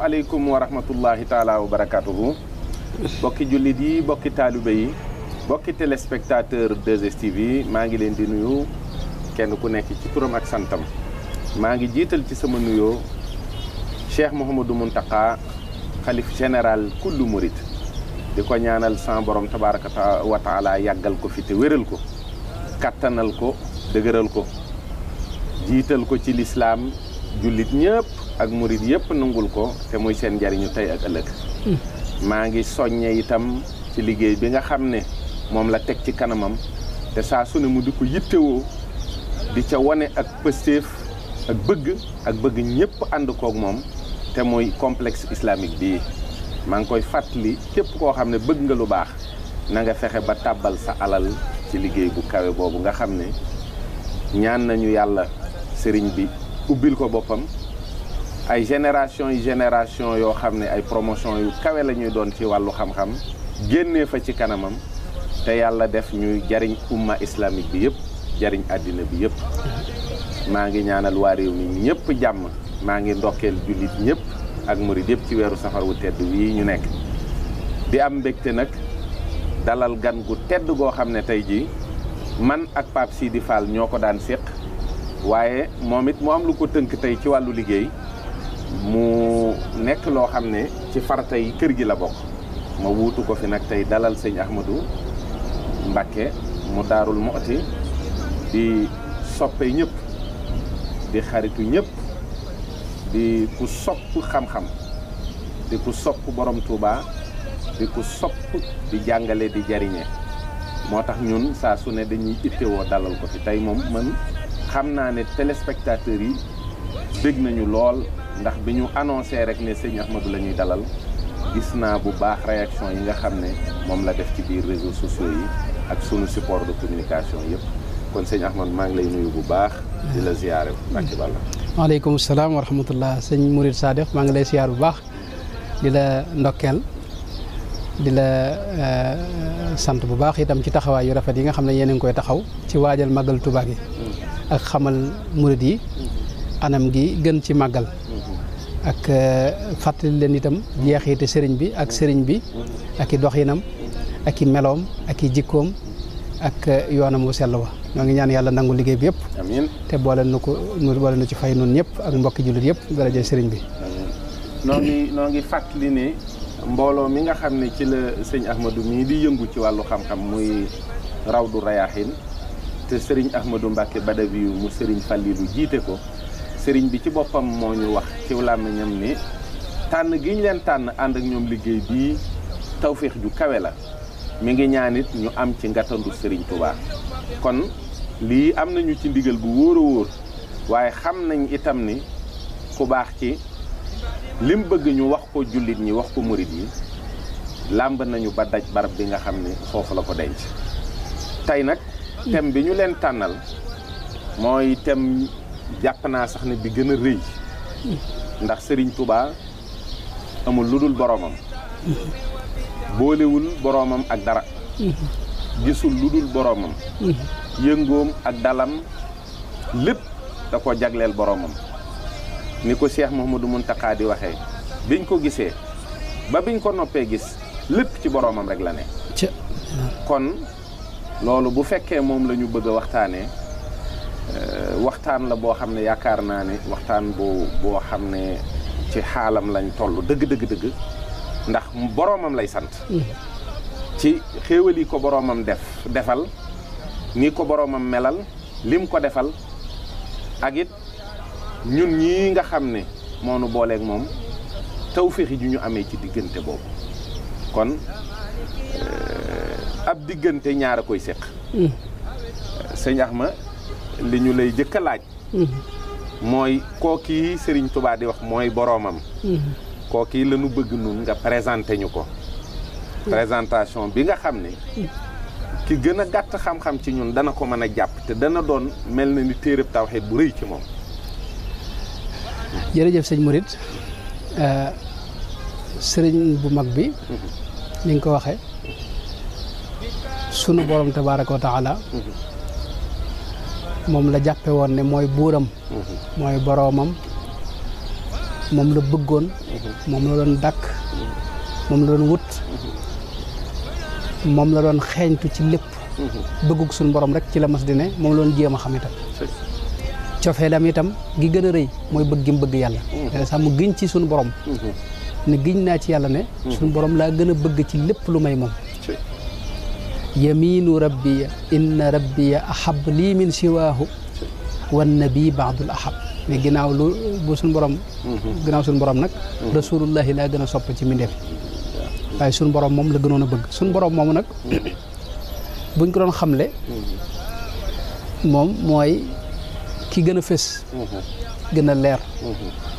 asalaamualeykum wa rahmatullahi taala wa barakaatuhu bokki jullit yi bokki taalibe yi bokki téléspectateur 2STV yi maa ngi leen di nuyu kenn ku nekk ci turam ak santam maa ngi jiital ci sama nuyoo Cheikh Mouhamadou Mountakha xalif général kullu murit di ko ñaanal san borom tabaraka wa taala yàggal ko fi te wéral ko kàttanal ko dëgëral ko jiital ko ci lislaam jullit ñëpp ak murit yëpp nangul ko te muy seen njariñu tey ak ëllëg hmm. maa ngi soññe itam ci liggéey bi nga xam ne moom la teg ci kanamam te saa su ne mu di ko yittewoo di ca wane ak pëstéef ak bëgg ak bëgg ñëpp ànd koog moom te mooy complexe islamique bii maa ngi koy fàttali képp koo xam ne bëgg nga lu baax na nga fexe ba tàbbal sa alal ci liggéey bu kawe boobu nga xam ne ñaan nañu yàlla sëriñ bi ubbil ko boppam ay génération yi génération yoo xam ne ay promotion yu kawe lañuy doon ci wàllu xam-xam génnee fa ci kanamam te yàlla def ñuy jariñ umma islamique bi yëpp jariñ àddina bi yëpp maa ngi ñaanal waa réew mi ñëpp jàmm maa ngi ndokkeel jullit ñëpp ak murid yëpp ci weeru safar wu tedd wii ñu nekk di am mbégte nag dalal gan gu tedd goo xam ne tey jii man ak Pape Sidi Fall ñoo ko daan séq waaye moom it mu am lu ko tënk tey ci wàllu liggéey mu nekk loo xam ne ci farta yi kër gi la bokk ma wuutu ko fi nag tey dalal sëñ Ahmadou Mbacké mu daarul Muxti di soppe ñëpp di xaritu ñëpp di ku sopp xam-xam di ku sopp borom Touba di ku sopp di jàngale di jariñe moo tax ñun saa su ne dañuy woo dalal ko fi tey moom mën xam naa ne téléspectateurs yi dégg nañu lool ndax biñu annoncer rek ne sëñ Ahmadou la dalal gis na bu baax réaction yi nga xam mom la def ci biir réseaux sociaux yi ak sunu support de communication yépp kon sëñ Ahmad ma ngi lay nuyu bu baax di la ziyaare Mbàkke Balla waaleykum assalam wa rahmatullah sëñ Mourid sadef ma ngi lay ziyaar bu baax di la ndokkel di la euh, sante bu baax itam ci taxaway yu rafet yi nga xam ne ngi koy taxaw ci waajal magal touba gi mm-hmm. ak xamal murid yi mm-hmm. anam gi gën ci magal ak euh, fàttali leen itam jeexite sëriñ bi ak sëriñ bi ak i doxinam ak i meloom ak i jikkoom ak euh, yoonam wu sell wa ñoo ngi ñaan yàlla nangu liggéey bi yëpp te boole nu ko boole na ci fay nun ñëpp ak mbokki jullit yëpp daraje sëriñ bi noo ngi noo ngi fàttali ne mbooloo mi nga xam ne ci la sëñ Ahmadou mii di yëngu ci wàllu xam-xam muy Rawdu Rayaahin te sëriñ Ahmadou Mbacke Badawi mu sëriñ Fallilou jiite ko sëriñ bi ci boppam moo ñu wax ci ñam ni tànn gi ñu leen tànn ànd ak ñoom liggéey bii ju kawe la mi ngi ñaanit ñu am ci ngatandu sëriñ kon li am nañu ci ndigal bu wóor a wóor waaye xam nañ itam ni ku baax ci lim bëgg ñu wax ko jullit ñi wax ko murit yi lamb nañu ba daj barab bi nga xam ni foofu la ko denc tey nag tem bi ñu leen tànnal mooy tem jàpp naa sax ne bi gën a rëy ndax Serigne Touba amul lu dul boroomam boolewul boroomam ak dara gisul lu dul boroomam yëngoom ak dalam lépp da ko jagleel boroomam ni ko du Mouhamadou Mountakha di waxee biñ ko gisee ba biñ ko noppee gis lépp ci boroomam rek la ne kon loolu bu fekkee moom lañu ñu bëgg a waxtaanee Euh, waxtaan la boo xam ne yaakaar naa ne waxtaan boo boo xam ne ci xaalam lañ toll dëgg dëgg dëgg ndax boroomam lay sant mm. ci xéewal yi ko boroomam def defal ni ko boroomam melal lim ko defal ak it ñun ñii nga xam ne moonu booleeg moom tawféexi ju ñu amee ci diggante boobu kon euh, ab diggante ñaar a koy séq mm. sëñ Axma li ñu lay jëkk a laaj mhm. mooy kookii sëriñ Touba di wax mooy boroomam mhm. kookii la ñu bëgg nun nga présenté ñu ko présentation bi nga xam ne mhm. ki gën a gàtt xam-xam ci ñun dana ko mën a jàpp te dana doon mel na ni téereb tawxiid bu rëy ci moom jërëjëf sëñ Mouride euh, sëriñ bu mag bi ni nga ko waxe sunu te tabaaraka wa taala moom la jàppe woon ne mooy buuram mooy boroomam moom la bëggoon moom la doon dàkk moom la doon wut moom la doon xeeñtu ci lépp bëggug suñu boroom rek ci la mas di ne moom la doon jéem a xam itam cofeelam itam gi gën a rëy mooy bëgg gi bëgg yàlla dana sax mu giñ ci suñu borom mhm. ne giñ naa ci yàlla ne mhm. suñu borom laa gën a bëgg ci lépp lu may moom yamiinu rabbiya inna rabbiya ahab lii min siwaahu wan nabi baadul ahab mais ginnaaw lu bu suñu borom mhm. ginnaaw suñ borom nag mhm. rasulullahi laa gën a sopp ci mbindeef waaye suñu borom moom la gënoon a bëgg suñu borom moomu nag mhm. buñ ko doon xamle moom mooy ki gën a fës gën a leer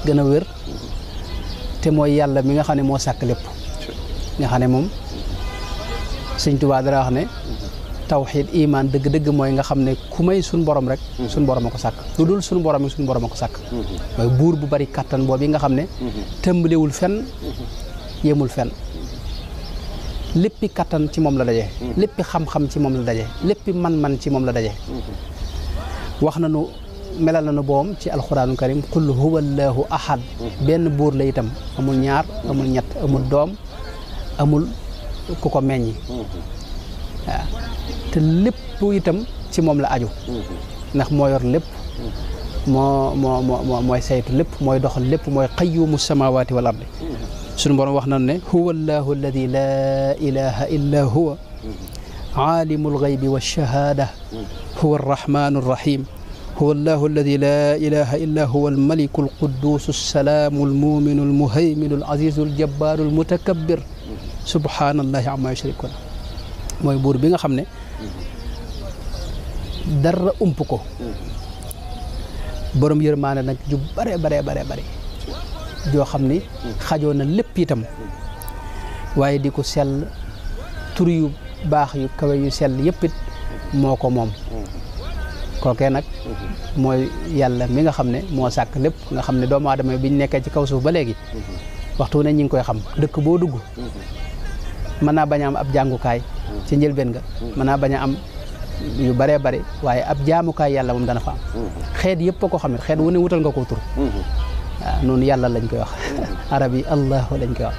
gën a wér te mooy yàlla mi nga xam ne moo sàkk lépp nga xam ne moom sëñ Tuubaa dara wax ne tawxiid iman dëgg-dëgg mooy nga xam ne ku may suñ boroom rek suñ borom a ko sàkk lu dul suñ borom suñ borom a ko sàkk mooy buur bu bari kattan boobu yi nga xam ne tëmbalewul fenn yemul fen léppi kattan ci moom la daje léppi xam-xam ci moom la daje léppi man-man ci moom la daje wax nañu melal nañu boom ci alxuraanu karim qul huwa allahu ahad benn buur la itam amul ñaar amul ñett amul doom amul ku ko meññi waaw te lépp itam ci moom la aju ndax moo yor lépp moo moo moo mooy saytu lépp mooy doxal lépp mooy qayyumu samawaati wal ardi sunu borom wax nañu ne huwa allahu alladi laa ilaha illa huwa عالم الغيب والشهادة هو الرحمن الرحيم هو الله الذي لا إله إلا هو الملك القدوس السلام المؤمن المهيمن العزيز الجبار المتكبر subhaanallahi amma yushrikuna mooy buur bi nga xam ne dara ump ko borom yërmaane nag ju bare bare bare bare joo xam ni xajoo na lépp itam waaye di ko sell tur yu baax yu kawe yu sell yëpp it moo ko moom kookee nag mooy yàlla mi nga xam ne moo sàkk lépp nga xam ne doomu aadama biñ nekkee ci kaw suuf ba léegi waxtu ne ñi ngi koy xam dëkk boo dugg mën naa bañ am ab jàngukaay ci njëlbeen nga mën naa bañ a am yu bëree bari waaye ab jaamukaay yàlla moom dana fa am xeet yëpp a ko xam ne xeet wu ne wutal nga koo tur waaw noonu yàlla lañ koy wax arab yi allahu lañ koy wax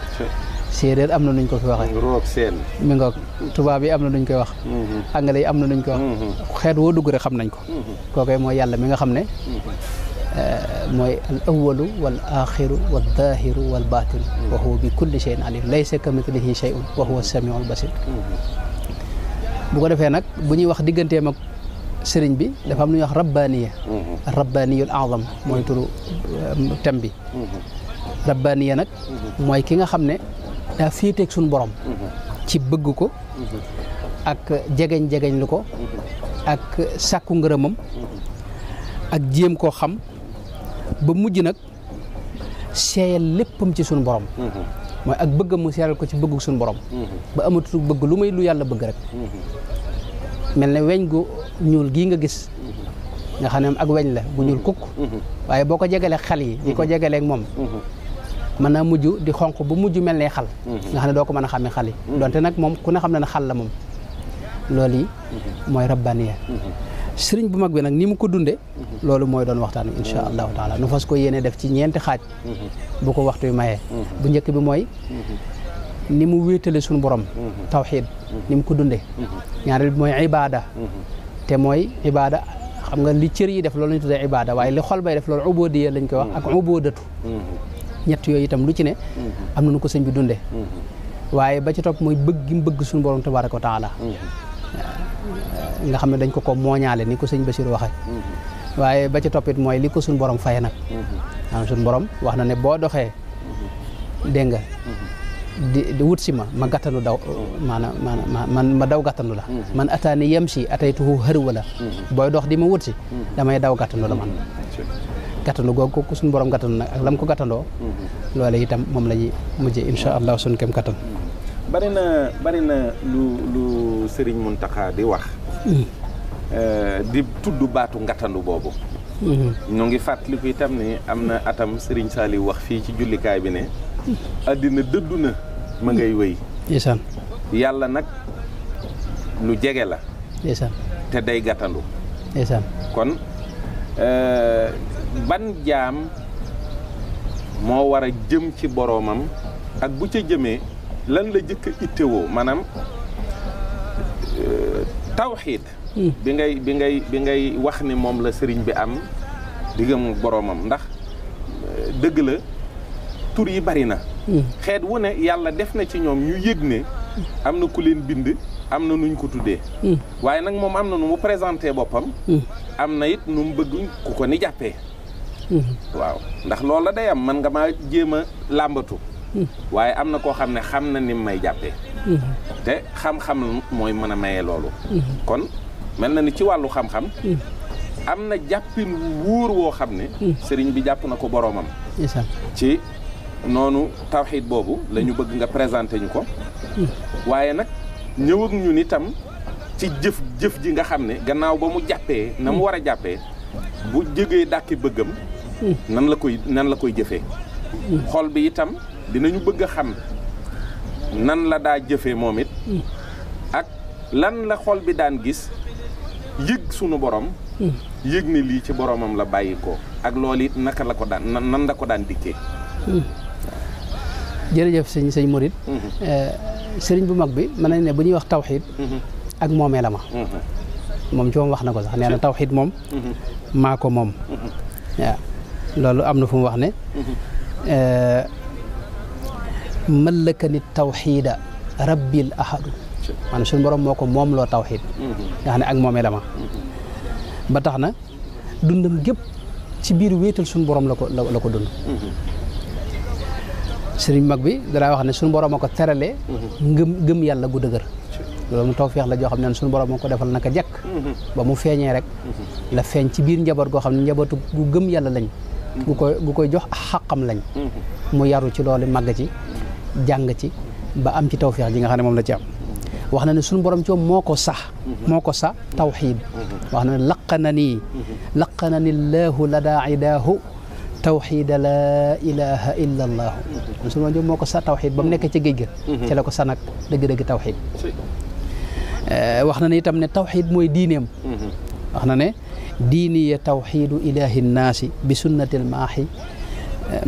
séeréer am na nuñ ko fi waxee roog seen tubaab yi am na nuñ koy wax mm-hmm. anglais am na nuñ koy wax mm-hmm. xeet woo dugg xam nañ ko mm-hmm. kookoy mooy yàlla mi nga xam ne الأول والآخر والظاهر والباطن وهو بكل شيء عليم ليس كمثله شيء وهو السميع البصير بقول في هناك بني واخ دي غنتي ماك سيرن بي دا فام نيو رباني رباني الاعظم موي تورو تامبي رباني ناك موي كيغا خامني دا فيتيك سون بوروم تي بڬ كو اك جيغن جيغن لوكو اك ساكو غرمم اك جيم كو خام ba mujj nag seeyal léppam ci suñu borom mhm. mooy ak bëggam mu seeral ko ci bëggu suñu borom mhm. ba amatu bëgg lu may lu yàlla bëgg rek mhm. mel ne weñ gu ñuul gii nga gis nga xam ne ak weñ la bu ñuul kukk waaye boo ko jegalee xal yi di ko jegalee ak moom mën naa mujj di xonq ba mujj mel ne xal nga xam ne doo ko mën a xàmme xal yi donte nag moom ku ne xam ne ne xal la moom loolu yi mooy rabbaniya sëriñ bu mag bi nag ni mu ko dunde loolu mooy doon waxtaan wi incha allahu taala nu fas ko yéene def ci ñeenti xaaj bu ko waxtu wi mayee bu njëkk bi mooy ni mu wéetale suñu borom tawxiid ni mu ko dunde ñaareel bi mooy ibaada te mooy ibaada xam nga li cër yi def loolu lañ tuddee ibaada waaye li xol bay def loolu ubodiya lañ koy wax ak ubodatu ñett yooyu itam lu ci ne am na nu ko sëñ bi dunde waaye ba ci topp mooy bëgg gi mu bëgg suñu borom tabaraka wa taala nga xam ne dañ ko ko mooñaale ni ko sëñ Bachir waxee waaye ba ci toppit mooy li ko suñ borom faye nag am suñ borom wax na ne boo doxee dégg nga di wut si ma ma daw maanaam maanaam man ma daw gàttanu la man ataani yem si ataytuhu hërwa la booy dox di ma wut si damay daw gàttanu la man gàttanu googu ko suñ borom gàttanu nag ak lam ko gàttandoo loole itam moom la ñuy mujjee insha allah suñ kem kattan bari na bari na lu lu sëriñ Muntaxa di wax hmm. euh, di tudd baatu ngatandu boobu hmm. ñu ngi fàttaliku tam ni am na atam sëriñ Saliou wax fii ci jullikaay bi ne àddina dëddu na ma hmm. ngay wéy ndeysaan yàlla nag lu jege la ndeysaan te day gàttandu ndeysaan kon euh, ban jaam moo war a jëm ci boroomam ak bu ca jëmee lan la jëkk a ittewoo maanaam euh, tawxiid hmm. bi ngay bi ngay bi ngay wax ni moom la sëriñ bi am diggam boromam ndax euh, dëgg la tur yi bari na hmm. xeet wu ne yàlla def na ci ñoom ñu yëg ne am na ku leen bind am na nuñ ko tuddee hmm. waaye nag moom am na nu mu présenté boppam am na it nu mu bëgg ku ko ni jàppee waaw ndax loolu la day am man nga maa jéem a làmbatu waaye am na koo xam ne xam na ni may jàppee te xam-xam mooy mën a maye loolu kon mel na ni ci wàllu xam-xam am na jàppin wóor woo xam ne sëriñ bi jàpp na ko boroomam ci noonu tawxiid boobu lañu bëgg nga présenté ñu ko waaye nag ñëw ak ñun itam ci jëf jëf ji nga xam ne gannaaw ba mu jàppee na mu war a jàppee bu jógee dàkki bëggam nan la koy nan la koy jëfee mm. xol bi itam dinañu bëgg a xam nan la daa jëfe moom it mm. ak lan la xol bi daan gis yëg sunu boroom mm. yëg ne lii ci boroomam la bàyyi ko ak loolu it naka la ko daan nan la ko daan dikkee mm. jërëjëf sëñ sëñ Mouride mm-hmm. eh, sëriñ bu mag bi mën nañ ne bu ñuy wax tawxiid mm-hmm. ak moomee la ma mm-hmm. moom ci wax na ko sax nee na tawxiid moom maa ko moom loolu am na fu mu wax ne eh, mallakani tawxiida rabbil ahadu maanaam suñu borom moo ko moom loo tawxiid nga xam ne ak moom élément ba tax na dundam gépp ci biir wéetal suñu borom la ko la ko dund sëriñ mag bi danaa wax ne suñu borom a ko terale ngëm ngëm yàlla gu dëgër loolu mu tawfeex la joo xam ne suñu borom moo ko defal naka jekk ba mu feeñee rek la feeñ ci biir njaboot goo xam ne njabootu gu gëm yàlla lañ gu koy gu koy jox xaqam lañ mu yaru ci loolu màgg ci jang ci ba am ci tawfiq ji nga xamne mom la ci am wax na ne sunu borom ci moom moo ko sax moo ko sa tawxid wax na laqanani laqanani allah la da'idahu tawhid la ilaha illa allah sun borom moko sa tawxid ba mu ci géej ga ci lako sanak deug deug tawhid dëgg tawxid eh, wax na ne itam ne tawxid mooy wax na ne dini ya tawhid ilahi nnaasi bi sunnatil mahi eh,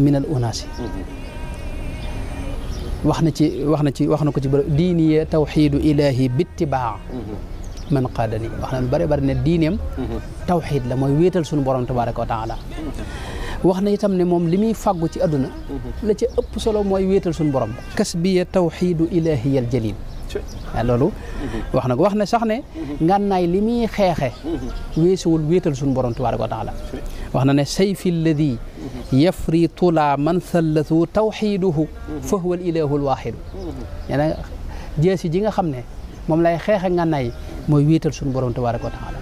min al unasi واخنا تي واخنا تي واخنا كو تي ديني توحيد الهي باتباع من قادني واخنا بري بري دينيم توحيد لا موي ويتال سونو بوروم تبارك وتعالى واخنا يتام ني موم ليمي فاغو تي ادنا لا تي اوب سولو موي ويتال سونو بوروم كسبيه توحيد الهي الجليل Eh, loolu wax na ko wax ne sax ne ngànnaay li muy xeexe weesuwul wéetal suñu borom tabaaraka wa taala wax na ne sayfi alladi yafri tula man sallathu tawxiduhu fa huwa al ilahu alwaxidu nee na ji nga xam ne moom lay xeexe ngànnaay mooy wéetal suñu borom tabaaraka wa taala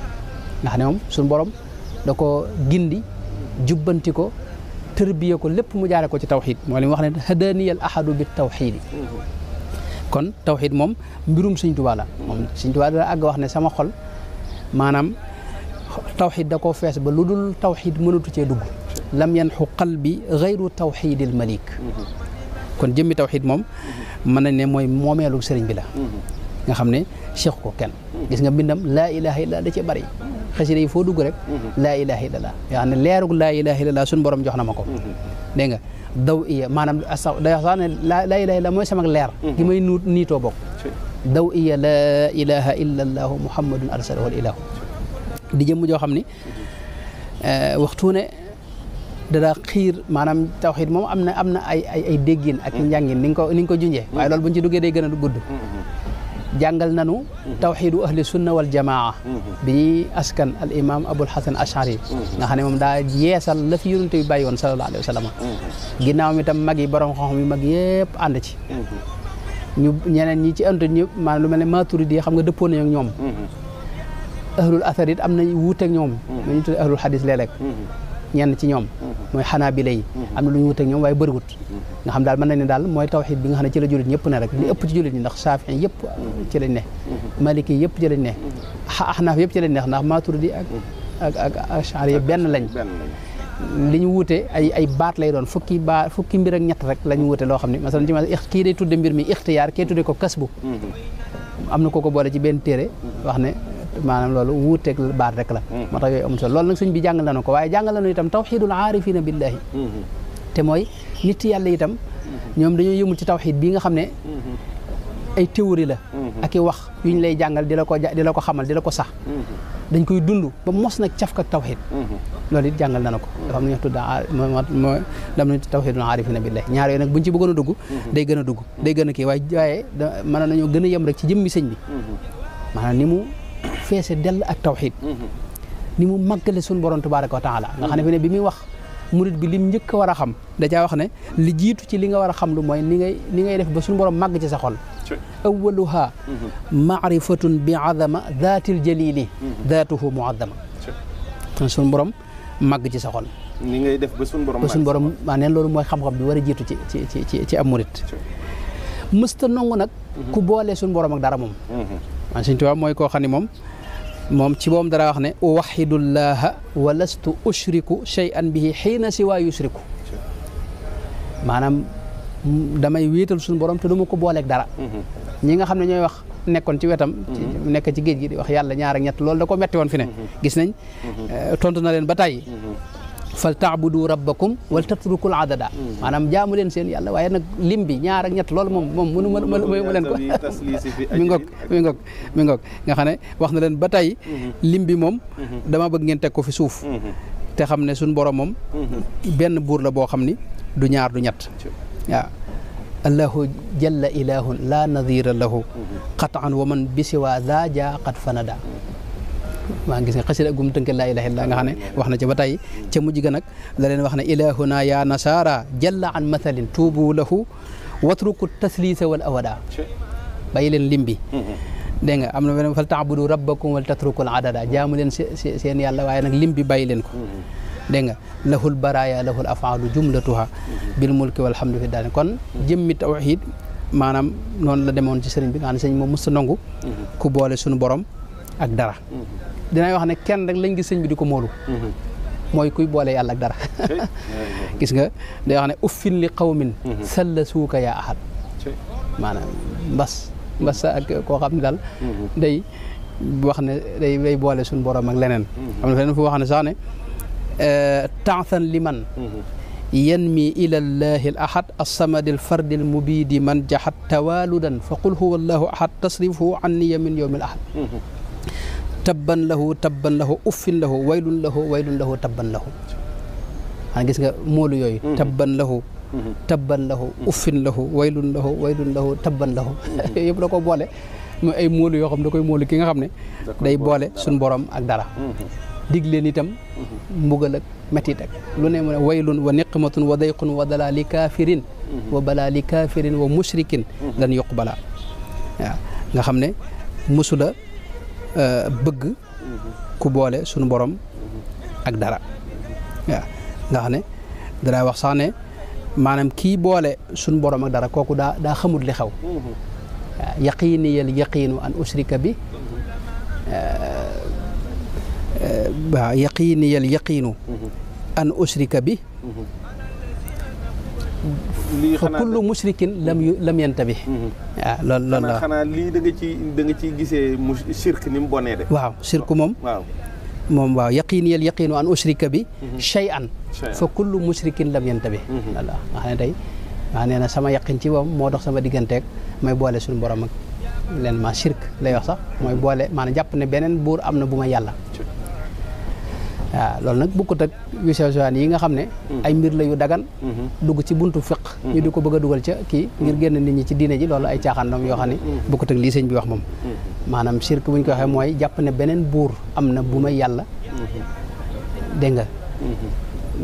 nga xam ne moom suñu borom da ko gindi jubbanti ko tërbiye ko lépp mu jaare ko ci tawxid moo li mu wax ne hadaniyal ahadu bi tawxidi kon tawxiid moom mbirum sëñ Tuubaa la moom sëñ wax ne sama xol maanaam tawxiid da ko fees ba lu dul tawxiid mënatu cee dugg lam yanxu qalbi gayru tawxiidil malik kon jëmmi tawxiid moom mën nañ ne mooy moomeelu sëriñ bi la nga xam ne séq ko kenn gis nga mbindam laa ilaha illallah da cee bari xasida yi foo dugg rek laa ilaha illallah yaa xam laa ilaha illallah suñu borom jox na ma ko dégg nga daw iya maanaam sa day wax ne laa ilaaha illa mooy sama leer mhm. gi may nuut niitoo bokk daw iya laa ilaha illa allaahu muhammadun arsalahu al ilahu di jëmm joo xam ni eh, waxtu ne dara xiir maanaam tawxiid moom am na am na ay ay ay déggin ak mhm. njàngin ni nga ko ni nga ko junjee mhm. waaye loolu buñ ci duggee day gën a gudd jàngal nanu tawxiidu ahli sunna wal jamaa bi ñuy askan al imam abul hasan ashari nga xam ne moom daa yeesal la fi yonent bi bàyyi woon sallallahu alayhi wa sallam ginnaaw mi yi borom xam-xam yi mag yëpp ànd ci ñu ñeneen ñi ci ànd ma maanaam lu mel ne maturidi xam nga dëppoon ak ñoom ahlul athar it am nañ wuuteeg ñoom mm-hmm. ñu tudd ahlul hadis léeg-léeg mm-hmm. ñenn ci ñoom mm-hmm. mooy xanaabila yi mm-hmm. am na lu ñu wut ak ñoom waaye bëriwut mm-hmm. nga xam daal mën nañ ne daal mooy tawxiid bi nga xam ne ci la jullit ñëpp ne rek li ëpp ci jullit ñi ndax saafiin mm-hmm. yëpp ci lañ ne maliki yëpp ci ne axnaaf yëpp ci ne ndax maturidi ak ak ak ashari benn lañ li ñu wuute ay ay baat lay doon fukki baat fukki mbir ak ñett rek la ñu loo xam ne masalan ci ma kii day tudde mbir mi ixtiyaar kee tudde ko kasbu am na ko ko boole ci benn téere wax maanaam loolu wuuteeg baat rek la hmm. moo tax yooyu amul solo loolu nag sëñ bi jàngal na ko waaye jàngal na itam tawxiidul aarifina billahi hmm. te mooy nit yàlla hmm. ñoom dañoo yëmul ci tawxiid bii nga xam ne ay la ak i wax yuñ lay jàngal di la ko di la ko xamal di ko sax dañ koy dund ba mos nag caf kak tawxid loolu it jàngal na ko dafa am lu ñuy wax tudda moo dam nañ tawxidul aarifina billahi ñaar yooyu nag buñ ci bëggoon a dugg day gën a dugg day gën a kii waaye waaye mën nañoo gën a yem rek ci jëmmi sëñ bi maanaam ni mu feese dell ak tawxid ni mu màggale suñu borom tabaraka wa taala nga xam ne fi ne bi muy wax murit bi lim njëkk a war a xam da caa wax ne li jiitu ci li nga war a xam lu mooy ni nga ni ngay def ba suñu borom màgg ci sa xol awaluha maarifatun mm-hmm. bi adama daatil jalili mm-hmm. daatuhu muadama suñu borom màgg ci sa ni ngay def ba suñu borom ba suñu borom maa neen loolu mooy xam-xam bi war a jiitu ci ci ci ci ci am murit mësta nongu nag mm-hmm. ku boolee suñu borom ak dara moom man suñ tubaab mooy koo xam ne moom moom ci moom dara wax ne uwaxidullaha wa lastu ushriku shay'an bihi xiina siwa yushriku maanaam damay wéetal suñu borom te du ma ko booleeg dara mm-hmm. ñi nga xam ne ñooy wax nekkoon ci wetam mm-hmm. nekk ci géej gi di wax yàlla ñaar ak ñett loolu da ko metti woon fi ne mm-hmm. gis nañ eh, tontu na leen ba tàyyi fal taabudu rabbakum wal tatrukul adada mm-hmm. maanaam jaamu leen seen yàlla waaye nag lim bi ñaar ak ñett loolu moom moom mënu ma ma leen ko mi ngoog mi ngoog nga xam ne leen ba tey mm-hmm. lim bi moom mm-hmm. dama bëgg ngeen teg ko fi suuf te xam ne suñ borom moom benn buur la boo xam ni du ñaar du ñett waaw allahu jalla ilahun la nadira lahu qataan wa man bisiwa za ja qad fanada maa ngi gis ne xasida gum tënk laa ilaha illa nga xam ne wax na ci ba tey ca mujj ga nag la leen wax ne ilahuna ya nasara jalla an mathalin tuubu lahu watruku taslisa wal awada bàyyi leen lim bi dégg nga am na beneen fal taabudu rabbakum wal tatrukul adada jaamu leen seen yàlla waaye nag bi bàyyi leen ko dégg nga lahul baraya lahul afaalu jumlatuha bil mulki walhamdu fi daani kon jëmmi tawxid maanaam noonu la demoon ci sëriñ bi nga xam ne sëriñ moom mës a nangu ku boole suñu borom ak dara dina wax ne kenn rek lañu gis sëñ bi diko molu moy kuy bolé yàlla ak dara gis nga day wax ne uffin li qawmin salla ya ahad manam bas bas ak ko xamni dal day wax ne day way bolé suñ borom ak lenen xam na feneen fu wax ne sax ne ta'than liman ينمي إلى الله الأحد الصمد الفرد المبيد من جحد توالدا فقل هو الله أحد تصرفه عني من يوم الأحد tabban lahu tabban lahu uffin lahu waylun lahu waylun lahu tabban lahu xanaa gis nga moolu yooyu mhm. tabban lahu mhm. tabban lahu mhm. uffin lahu waylun lahu waylun lahu tabban lahu yooyu yëpp ko boole mu ay moolu yoo xam da koy moolu ki nga xam ne day boole suñ borom ak dara dig leen itam mbugal ak metit lu ne mu ne waylun wa niqmatun wa dayqun wa dalaa li kaafirin wa balaa li kaafirin wa mushrikin lan yuqbala waaw nga xam ne musula Euh, bëgg ku boole sunu borom ak dara waaw nga xam ne danaa wax sax ne maanaam kii boole sunu borom ak dara kooku daa daa xamut li xew waaw yaqiiniyal yaqiinu an usrika bi euh, euh, waaw yaqiiniyal yaqiinu an usrika bi lii xanaa fa kullu mushrikin lam yu lam yantabi. waaw mm-hmm. ah, loolu loolu lii da nga da nga ciy gisee mu shirk ni mu bonee de. waaw shirk moom. waaw moom waaw yaqiin yel yaqiinu an ushrika bi. Mm-hmm. shay'an fa kullu mushrikin lam yantabi. voilà mm-hmm. nga xam ne tey wax nee na sama yaqin ci moom moo dox sama digganteeg may boole suñu borom ak leen ma shirk la yox sax mooy boole maanaam jàpp ne beneen buur am na bu ma yàlla. Ah, lool nak bu ko tak yu sew sewaan yi nga xamne hmm. ay mbir la yu dagan hmm. dug ci buntu fiq hmm. ñu di bëgg duggal ci ki ngir genn nit ñi ci diine ji lool ay caaxaan doom yoo xam ne bukkut ak lii sëñ bi wax mom manam shirku buñ ko waxe moy japp ne benen bur amna bu may nga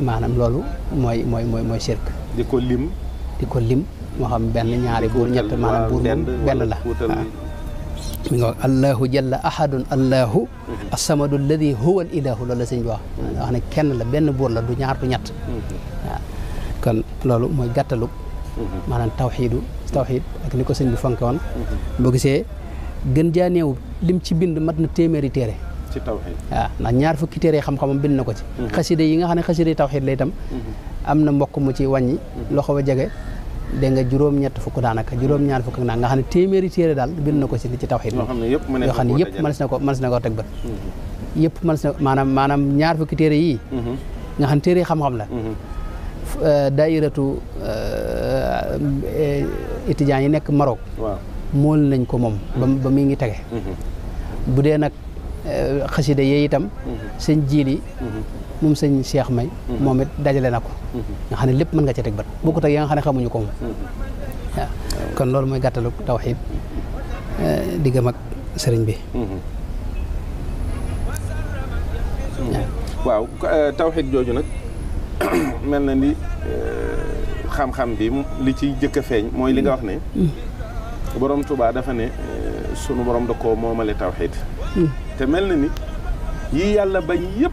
manam loolu moy moy moy moy sirk di lim di lim mo xam ben ñaari bur ñett manam bur ben la mi nga wax allahu jalla ahadun allahu asamadu alladi huwa loolu la sëñ kenn la benn buur la du ñaar du ñett kon loolu mooy gàttalu maanaam tawxiidu tawxiid ak ni ko sëñ bi fonke woon gën jaa lim ci bind mat na téeméeri téere ci tawxiid waaw ndax ñaar fukki téere xam-xamam bind na ko ci mhm. xasida yi nga ne xasida la itam mhm. am na mbokk mu ci wàññi mhm. loxo wa jege dégg nga juróom-ñett fukk daanaka juróom-ñaar fukk ak naa nga xam ne téeméeri téere daal bind na ko si ci tawxiid yoo xam ne yëpp mënees na ko mënees mhm. yëpp mënees na maanaam maanaam ñaar fukki téere yii mhm. nga xam ne téere xam-xam la mhm. euh, daayiratu étudiants euh, yi nekk Maroc mool nañ ko moom ba mu ngi tege bu nag euh, xasida yee itam seen jiili moom sëñ Cheikh May mhm. moom it dajale na ko mhm. nga xam ne lépp mën nga ca teg bët bokkut ak ya nga xam ne xamuñu ko moom mhm. kon loolu mooy gàttalu tawxiid eh, diggam ak sëriñ bi waaw eh, tawxiid jooju nag mel na ni eh, xam-xam bi li ci jëkk a feeñ mooy li nga wax ne borom Tuubaa dafa ne sunu borom da ko moomale tawxiid te mel na ni yi yàlla bañ yépp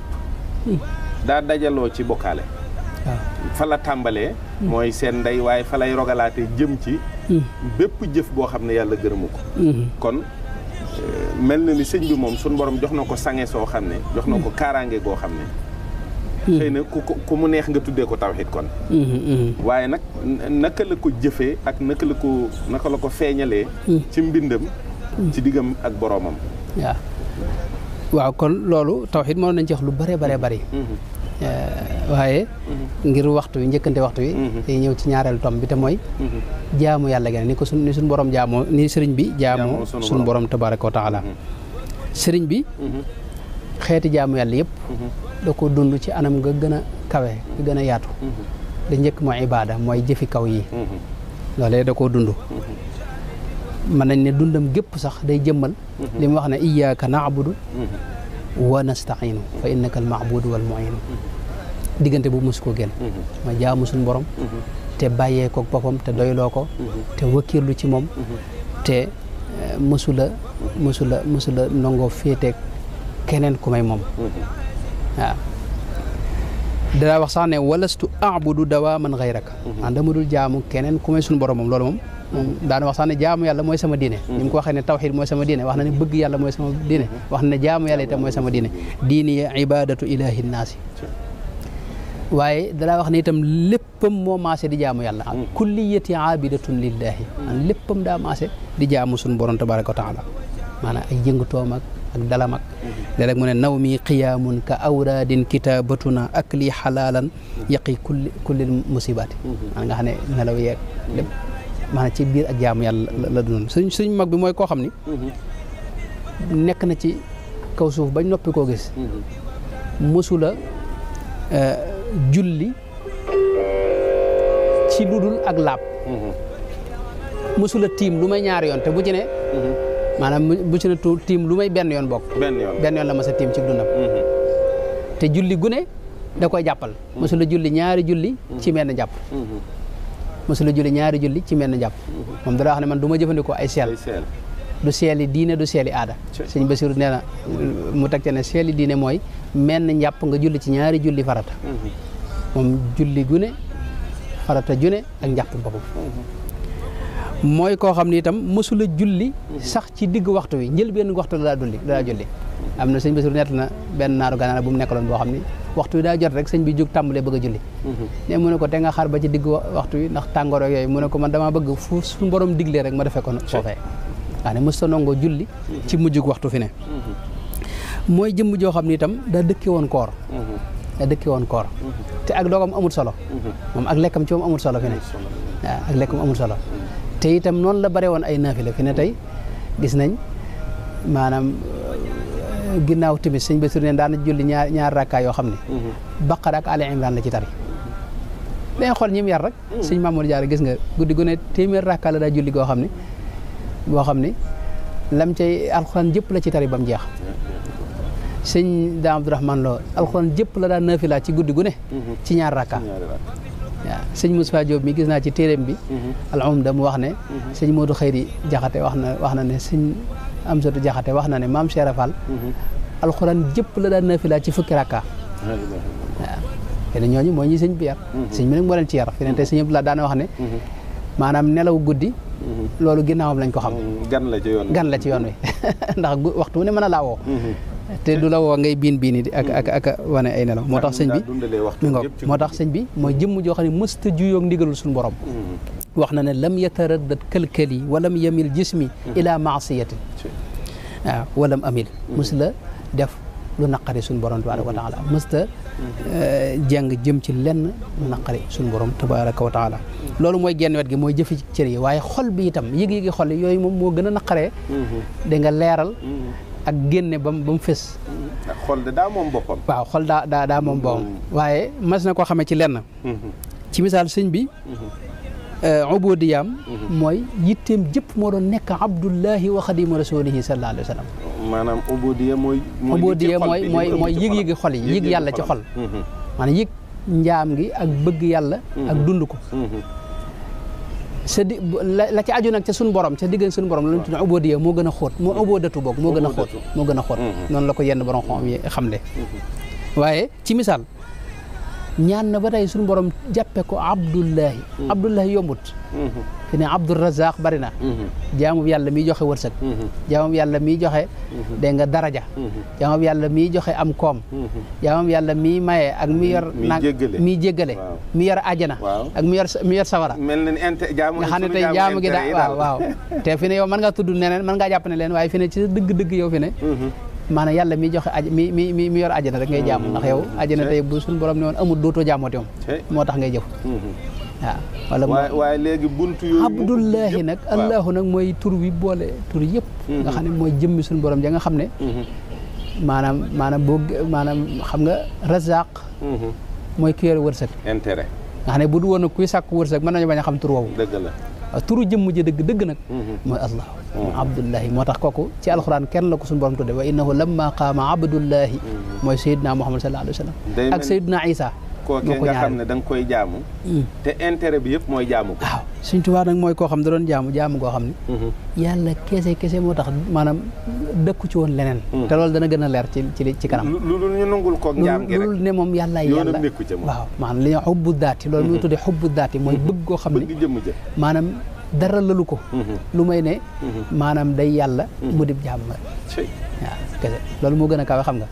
daa dajaloo ci bokkaale ah. fa la tàmbalee hmm. mooy seen ndey waaye fa lay rogalaate jëm ci hmm. bépp jëf boo xam ne yàlla gërëmu ko hmm. kon euh, mel na ni sëñ bi moom suñ borom jox na ko sange soo xam ne jox na ko kaaraange goo xam ne xëy na ku ku mu neex nga tuddee ko tawxit kon waaye nag naka la ko jëfee ak naka la ko naka la ko feeñalee ci mbindam ci diggam ak boroomam waaw kon loolu tawxit moo nañ ci lu bare bare bari Eh, waaye mhm. ngir waxtu wi njëkkante waxtu wi mhm. dañuy ñëw ci ñaareel tom bi te mooy mhm. jaamu yàlla gene ni ko sun ni suñ borom jaamoo ni sëriñ bi jaamoo suñ borom tabaraka wa taala sëriñ bi xeeti jaamu yàlla yëpp da ko dund ci anam nga gën a kawe nga gën a yaatu da njëkk mooy ibaada mooy jëfi kaw yi loolee da koo dund mën nañ ne dundam gépp sax day jëmmal li mu wax ne iyyaka na'budu wa nastainu fa innaka al maabudu wal muinu diggante bu mosu koo génn mm-hmm. ma jaamu suñu borom mm-hmm. te bàyyee ko boppam te doyloo ko mm-hmm. te wakkiirlu ci moom te eh, mosula mosula mosula nangoo féeteeg keneen ku may moom waaw danaa wax sax ne walastu abudu dawaaman gayraka an dama dul jaamu keneen ku may suñu borom moom loolu moom daana wax sax ne jaamu yàlla mooy sama diine hmm. ni mu ko waxee ne tawxid mooy sama diine wax na ne bëgg yàlla mooy sama diine hmm. wax na ne jaamu yàlla itam mooy sama diine diini ya ibadatu ilahi naasi waaye dalaa wax ne itam léppam moo maase di jaamu yàlla hmm. kulliyati abidatun lillahi an léppam daa maase di jaamu sun borom tabaraka wa taala maanaam ay yëngutoom ak ak dalam ak léeg-léeg mu ne naw mi ka awraadin kitaabatuna ak lii xalaalan yaqi kulli musibaati maanaam ne nelaw yeeg lépp maanaam ci biir ak jaamu yàlla la doon suñ suñ mag bi mooy koo xam ni mm-hmm. nekk na ci kaw suuf bañ noppi koo gis mm-hmm. mësula euh, julli ci ludul ak laab mm-hmm. mësula tiim lu may ñaari yoon te bu ci ne maanaam bu ci ne tiim lu may benn yoon bokk benn yoon la mas a tiim ci dundam te julli gune da koy jàppal mësula julli ñaari julli ci menn jàpp musulu Juli nyari Juli ci mel na njàpp dara wax ne man du ma ay du seli diine du seli aada sëñ Basiru nee mu ne diine moy, menn njàpp nga julli ci ñaari farata mom mhm. julli gune farata june ak njàppul boppam mooy ko xam ne itam musulu julli sax ci digg waxtu wi njël benn waxtu la daa dulli la daa julli am na sëñ ben naru ganana bu mu waxtu wi daa jot rek sëñ bi jóg tàmbalee bëgg a julli mhm. ne mu ne ko te nga xaar ba ci digg waxtu wi ndax tàngoor ak yooyu mu ne ko man damaa bëgg fu suñu borom diglee rek ma defee ko foofee waa ne mos ta nangoo julli mhm. ci mujjug waxtu fi ne mhm. mooy jëmm joo xam ne itam daa dëkke woon koor daa dëkke woon koor te ak doogam amul solo moom ak lekkam ci moom amul solo fi ak lekkam amul solo te itam noonu la bare woon ay naafila fi ne tey gis nañ maanaam ginnaaw timis sëñ Basiru ne daana julli ñaar ñaar rakkaa yoo xam ne mhm. Baqara ak Ali Imran la ci tari dañ xool ñi mu yar rek mhm. sëñ Mamadou Diarra gis nga guddi gu ne téeméer rakkaa la daa julli goo xam ne boo xam ne lam cay alxuraan jëpp la ci tari ba mu jeex sëñ Daam Abdourahmane Lo alxuraan jëpp la daa naafila ci guddi gu ne mhm. ci ñaar rakkaa waaw sëñ Moussa mi gis naa ci téeréem al umda mu wax ne sëñ Modou Xayri Jaxate wax na ne am satu jaxate wax na ne mam Cheikh rafal mhm. alquran jep la da na fi la ci fukki rakka ene ñooñu moy ñi sëñ bi yar mhm. sëñ bi nag moo leen ci yar fi ne tey sëñ da na wax ne manam mhm. nelaw guddii lolu ginaawam lañ ko xam gan la ci yoon gan la ci yoon wi ndax waxtu ne mën la wo té du la wo ngay biin biini di ak ak ak wane ay nelaw motax tax bi motax ngoog bi moy jëm jo xani musta mësta juyoog ndigalul suñu borom waxna ne lam yataraddad kalkali lam yamil jismi ila ma'siyati waaw walam amil mës la def lu naqari suñu borom tabaraka wa taala mës ta mm-hmm. eh, jàng jëm ci lenn lu naqari suñu borom tabaraka wa taala mm-hmm. loolu mooy genn wet gi mooy jëfi cër yi waaye xol bi itam yëg-yëgi xol yooyu moom moo gën a naqaree mm-hmm. da nga leeral ak génne bam ba mu fës xol de daa moom boppam waaw xol daa moom boppam waaye mas na koo xamee ci lenn ci misaal sëñ bi Euh, ubudiyam mhm. mooy yitteem jëpp moo doon nekk abdullahi wa xadimu rasulihi sallallahu alayhi wa sallam maanaam ubudiya mooy ubudiya mooy mooy mooy yëg-yëgi yi yëg yàlla ci xol mhm. maanaam yëg njaam gi ak bëgg yàlla ak mhm. dund ko sa di la ci aju nag ca suñu borom ca diggante suñu borom la ñu tudd ubodiya moo gën a xóot moo ubodatu boog moo gën a xóot moo gën a xóot la ko yenn borom xam yi xam le waaye ci misaal ñaan na ba tey suñu borom jàppe ko abdullahi mm-hmm. abdullahi yombut mm-hmm. fi ne abdul razaq bari na mm-hmm. jaamub yàlla miy joxe wërsëg jaamub yàlla miy joxe dégg nga daraja jaamub yàlla miy joxe am koom jaamub yàlla miy maye ak mi yor nag miy jéggale mi yor ajana ak mi yor mi yor sawara nga xam ne tey jaamu gi daa waaw te fi ne yow mën nga tudd neneen mën ngaa jàpp ne leen waaye fi ne ci dëgg-dëgg yow fi maanaam yàlla mi joxe aj mi mi mi mi yor ajjana rek ngay hmm. jaamu ndax yow ajjana hmm. tey bu suñu borom ne woon amul dootoo jaamooti moom moo tax ngay jëf hmm. waaw wala waaye léegi buntu yooyu abdullahi nag allahu nag mooy tur wi boole tur yëpp nga xam ne mooy jëmmi suñu borom ja nga xam ne maanaam maanaam boo maanaam xam nga razaq mooy ki yor wërsëg intérêt nga xam ne bu du woon kuy sàkk wërsëg mën nañu bañ a xam tur woowu dëgg la Ah, turu jëmm ji dëgg dëgg nag mhm. mooy allah abdullahi moo tax kooku ci alxuraan kenn la ko suñu borom tudde wa innahu lamma qaama abdullahi mhm. mooy sayidna muhammad sallallahu alayhi wa sallam ak sayidna isa kookee nga xam ne da nga koy jaamu hmm. te intérêt bi yëpp mooy jaamu ko waaw suñ tubaab nag mooy koo xam da doon jaamu jaamu koo xam ne hmm. yàlla kese kese moo tax maanaam dëkku ci woon leneen hmm. te loolu dana gën a leer ci ci ci kanam lu dul ñu nangul koog njaam gi rek lu ne moom yàlla jaam rek loolu moo gën a kawe xam nga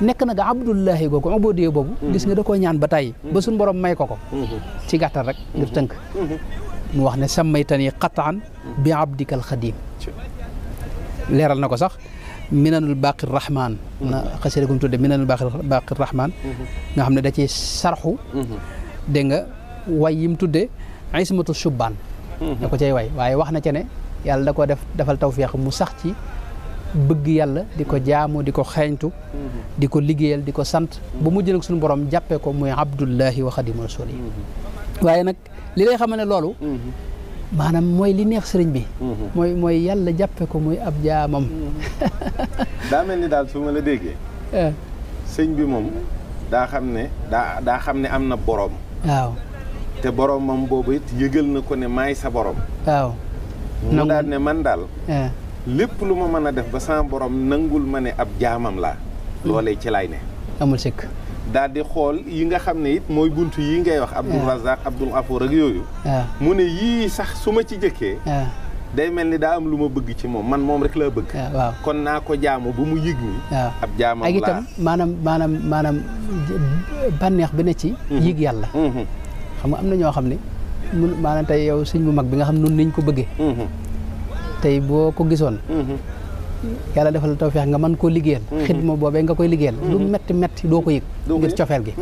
nekk na nga abdullahi googu abodee boobu mhm. gis nga da koo ñaan ba tàyyi ba mhm. suñ borom may ko ko mhm. ci gàttal rek ngir tënk mu wax ne sammaytani qataan bi abdikal xadim leeral na ko sax minanul baqir rahman na xasida gum tudde minanul baqir rahman nga xam ne da ci sarxu dégg nga way yim tudde ismatu subbaan da ko cay way waaye wax na ca ne yàlla da ko def defal tawfiq mu sax ci bëgg yàlla di ko jaamu di ko xeeñtu di ko liggéeyal di ko sant bu mujj nag suñu borom jàppee ko muy abdullahi wa xadimu rasul yi waaye nag li lay xamal ne loolu maanaam mooy li neex sëriñ bi mooy mooy yàlla jàppe ko muy ab jaamam mel ni daal su ma la déggee eh. bi moom daa xam ne daa daa xam ne am na boroom waaw te boromam boobu it yëgal na ko ne maay sa boroom waaw mu daal ne man daal eh. lépp lu ma mën a def ba sama borom nangul ma ne ab jaamam laa. Hmm. loolee ci laay ne. amul sikk. daal di xool yi nga xam ne it mooy bunt yi ngay wax. Abdul Razak Abdul Gafuur ak yooyu. mu ne yii sax su ma ci jëkkee. day mel ni daa am lu ma bëgg ci moom man moom rek laa bëgg. waaw kon naa ko jaamu bu mu yëg nii. ab jaamam laa ak itam maanaam maanaam maanaam bànneex bi ne ci. Hmm. yëg yàlla. Hmm. xam nga am na ñoo xam ne mun maanaam tey yow sëñ bu mag bi nga xam nun niñ ko bëggee. tay boko ko hmm yàlla defal tawfiq nga man ko liggéeyal xidma bobé nga koy liggéeyal lu metti metti doo ko yëg ngir tiofel gi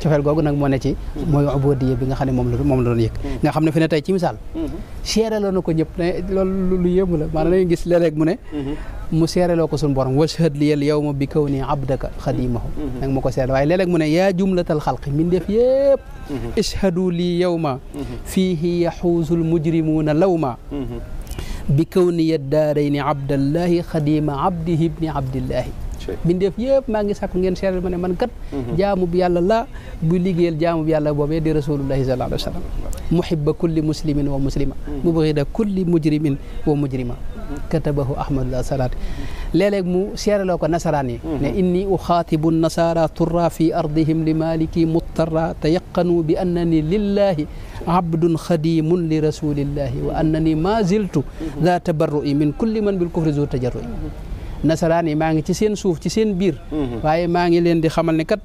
tiofel googu nak mo ne ci moy abodiye bi nga xamne mom la mom la don yek nga xamne fi ne tay ci misaal seereloo la nako ñep ne loolu lu yemu la man lay gis leeg mu ne mu seereloo ko sun borom washhad li yal yawma bi kawni abdaka khadimahu nak mako ko way waaye mu ne ya jumlatul xalqi min def yëpp ishhadu lii yawma fiihi yaxuusul mujrimuuna lawma bi kawni yaddaarayni abdallahi xadima abdihi ibni abdillahi bindeef yëpp maa ngi sàkku ngeen seeral ma ne man kat mhm. jaamu bi yàlla la bu liggéeyal jaamu bi yàlla boobee di rasulullahi sallallahu alayhi wa sallam muhibba kulli muslimin wa muslima mhm. mubghida kulli mujrimin wa mujrima mhm. katabahu ahmadul salaat لالك مو سيارة لو كان نصراني إني أخاطب النصارى ترى في أرضهم لمالك مضطرا تيقنوا بأنني لله عبد خديم لرسول الله وأنني ما زلت ذا تبرؤي من كل من بالكفر زور تجرؤي نصراني ما عندي تسين سوف تسين بير فاي ما عندي لين دي خمال نكت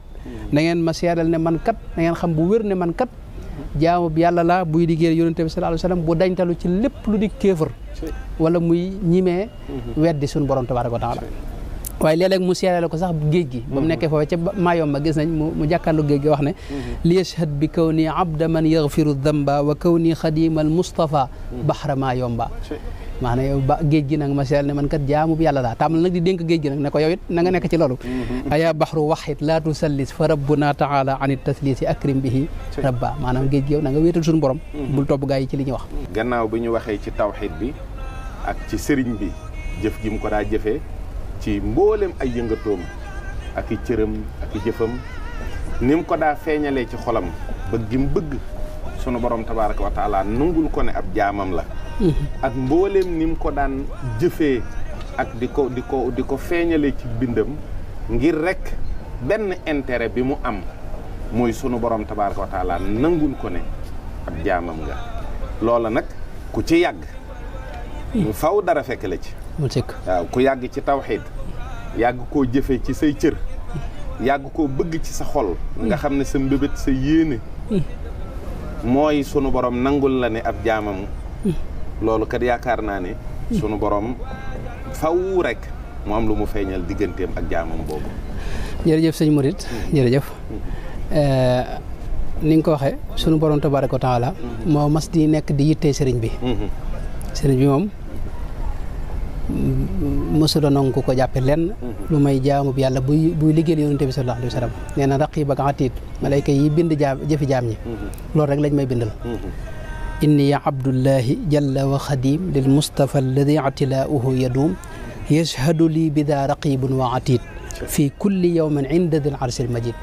نعين ما سيارة نمان كت نعين خم بوير نمان كت جاو بيالا لا بوي ديجير يونتبي الله عليه وسلم بودين تلو تلو تلو wala muy ñimee weddi suñu borom tabaraka wa taala waaye léeg-léeg mu seerale ko sax géej gi ba mu nekkee foofee ca maayom ba gis nañ mu mu jàkkaarlu géej gi wax ne li yashhad bi kaw nii abda man yaghfiru damba wa kaw nii xadimal mustafa baxra maayom ba maanaam yow ba géej gi nag ma seeral ne man kat jaamu bi yàlla laa tàmbal nag di dénk géej gi nag ne ko yow it na nga nekk ci loolu ayaa baxru waxit laa tusallis fa rabbuna taala an taslisi akrim bihi rabba maanaam géej gi yow na nga wéetal suñu borom bul topp gaa yi ci li ñuy wax gannaaw bi ñu waxee ci tawxid bi ak ci sëriñ bi jëf gi mu ko daa jëfe ci mboolem ay yëngatoom ak i cëram ak i jëfam ni mu ko daa feeñalee ci xolam bëgg gi bëgg sunu borom tabaaraka wa taala nangul ko ne ab jaamam la mm-hmm. ak mbooleem ni mu ko daan jëfee ak di ko di ko di ko feeñalee ci bindam ngir rekk benn intérêt bi mu am muy sunu borom tabaaraka wa taala nangul ko ne ab jaamam ga loola nag ku ci yàgg faw dara fekk la ci waaw ku yàgg ci tawxiid yàgg koo jëfe ci say cër yàgg koo bëgg ci sa xol nga xam ne sa mbébét sa yéene mooy sunu boroom nangul la ne ab jaamam loolu kat yaakaar naa ne sunu boroom faw rek mu am lu mu feeñal digganteem ak jaamam boobu jërëjëf sëñ Murit mm-hmm. jërëjëf mm-hmm. Eh, ni nga ko waxee sunu boroom tabaaraka wa taala mm-hmm. moo mas di nekk di yittee sëriñ bi sëriñ bi moom mësula nangu ko jàppe lenn lu may jaamu bi yàlla buy buy liggéeyal yonente bi sallallahu alayhi wa sallam nee na raqiib ak atiid malayka yi bind jaam jëfi jaam ñi loolu rek lañ may bindal inni ya abdullahi jalla wa xadim lil mustafa alladi atilaauhu yaduum yashhadu lii bida raqibun wa atiid fi kulli yawmin inda dil arsil majid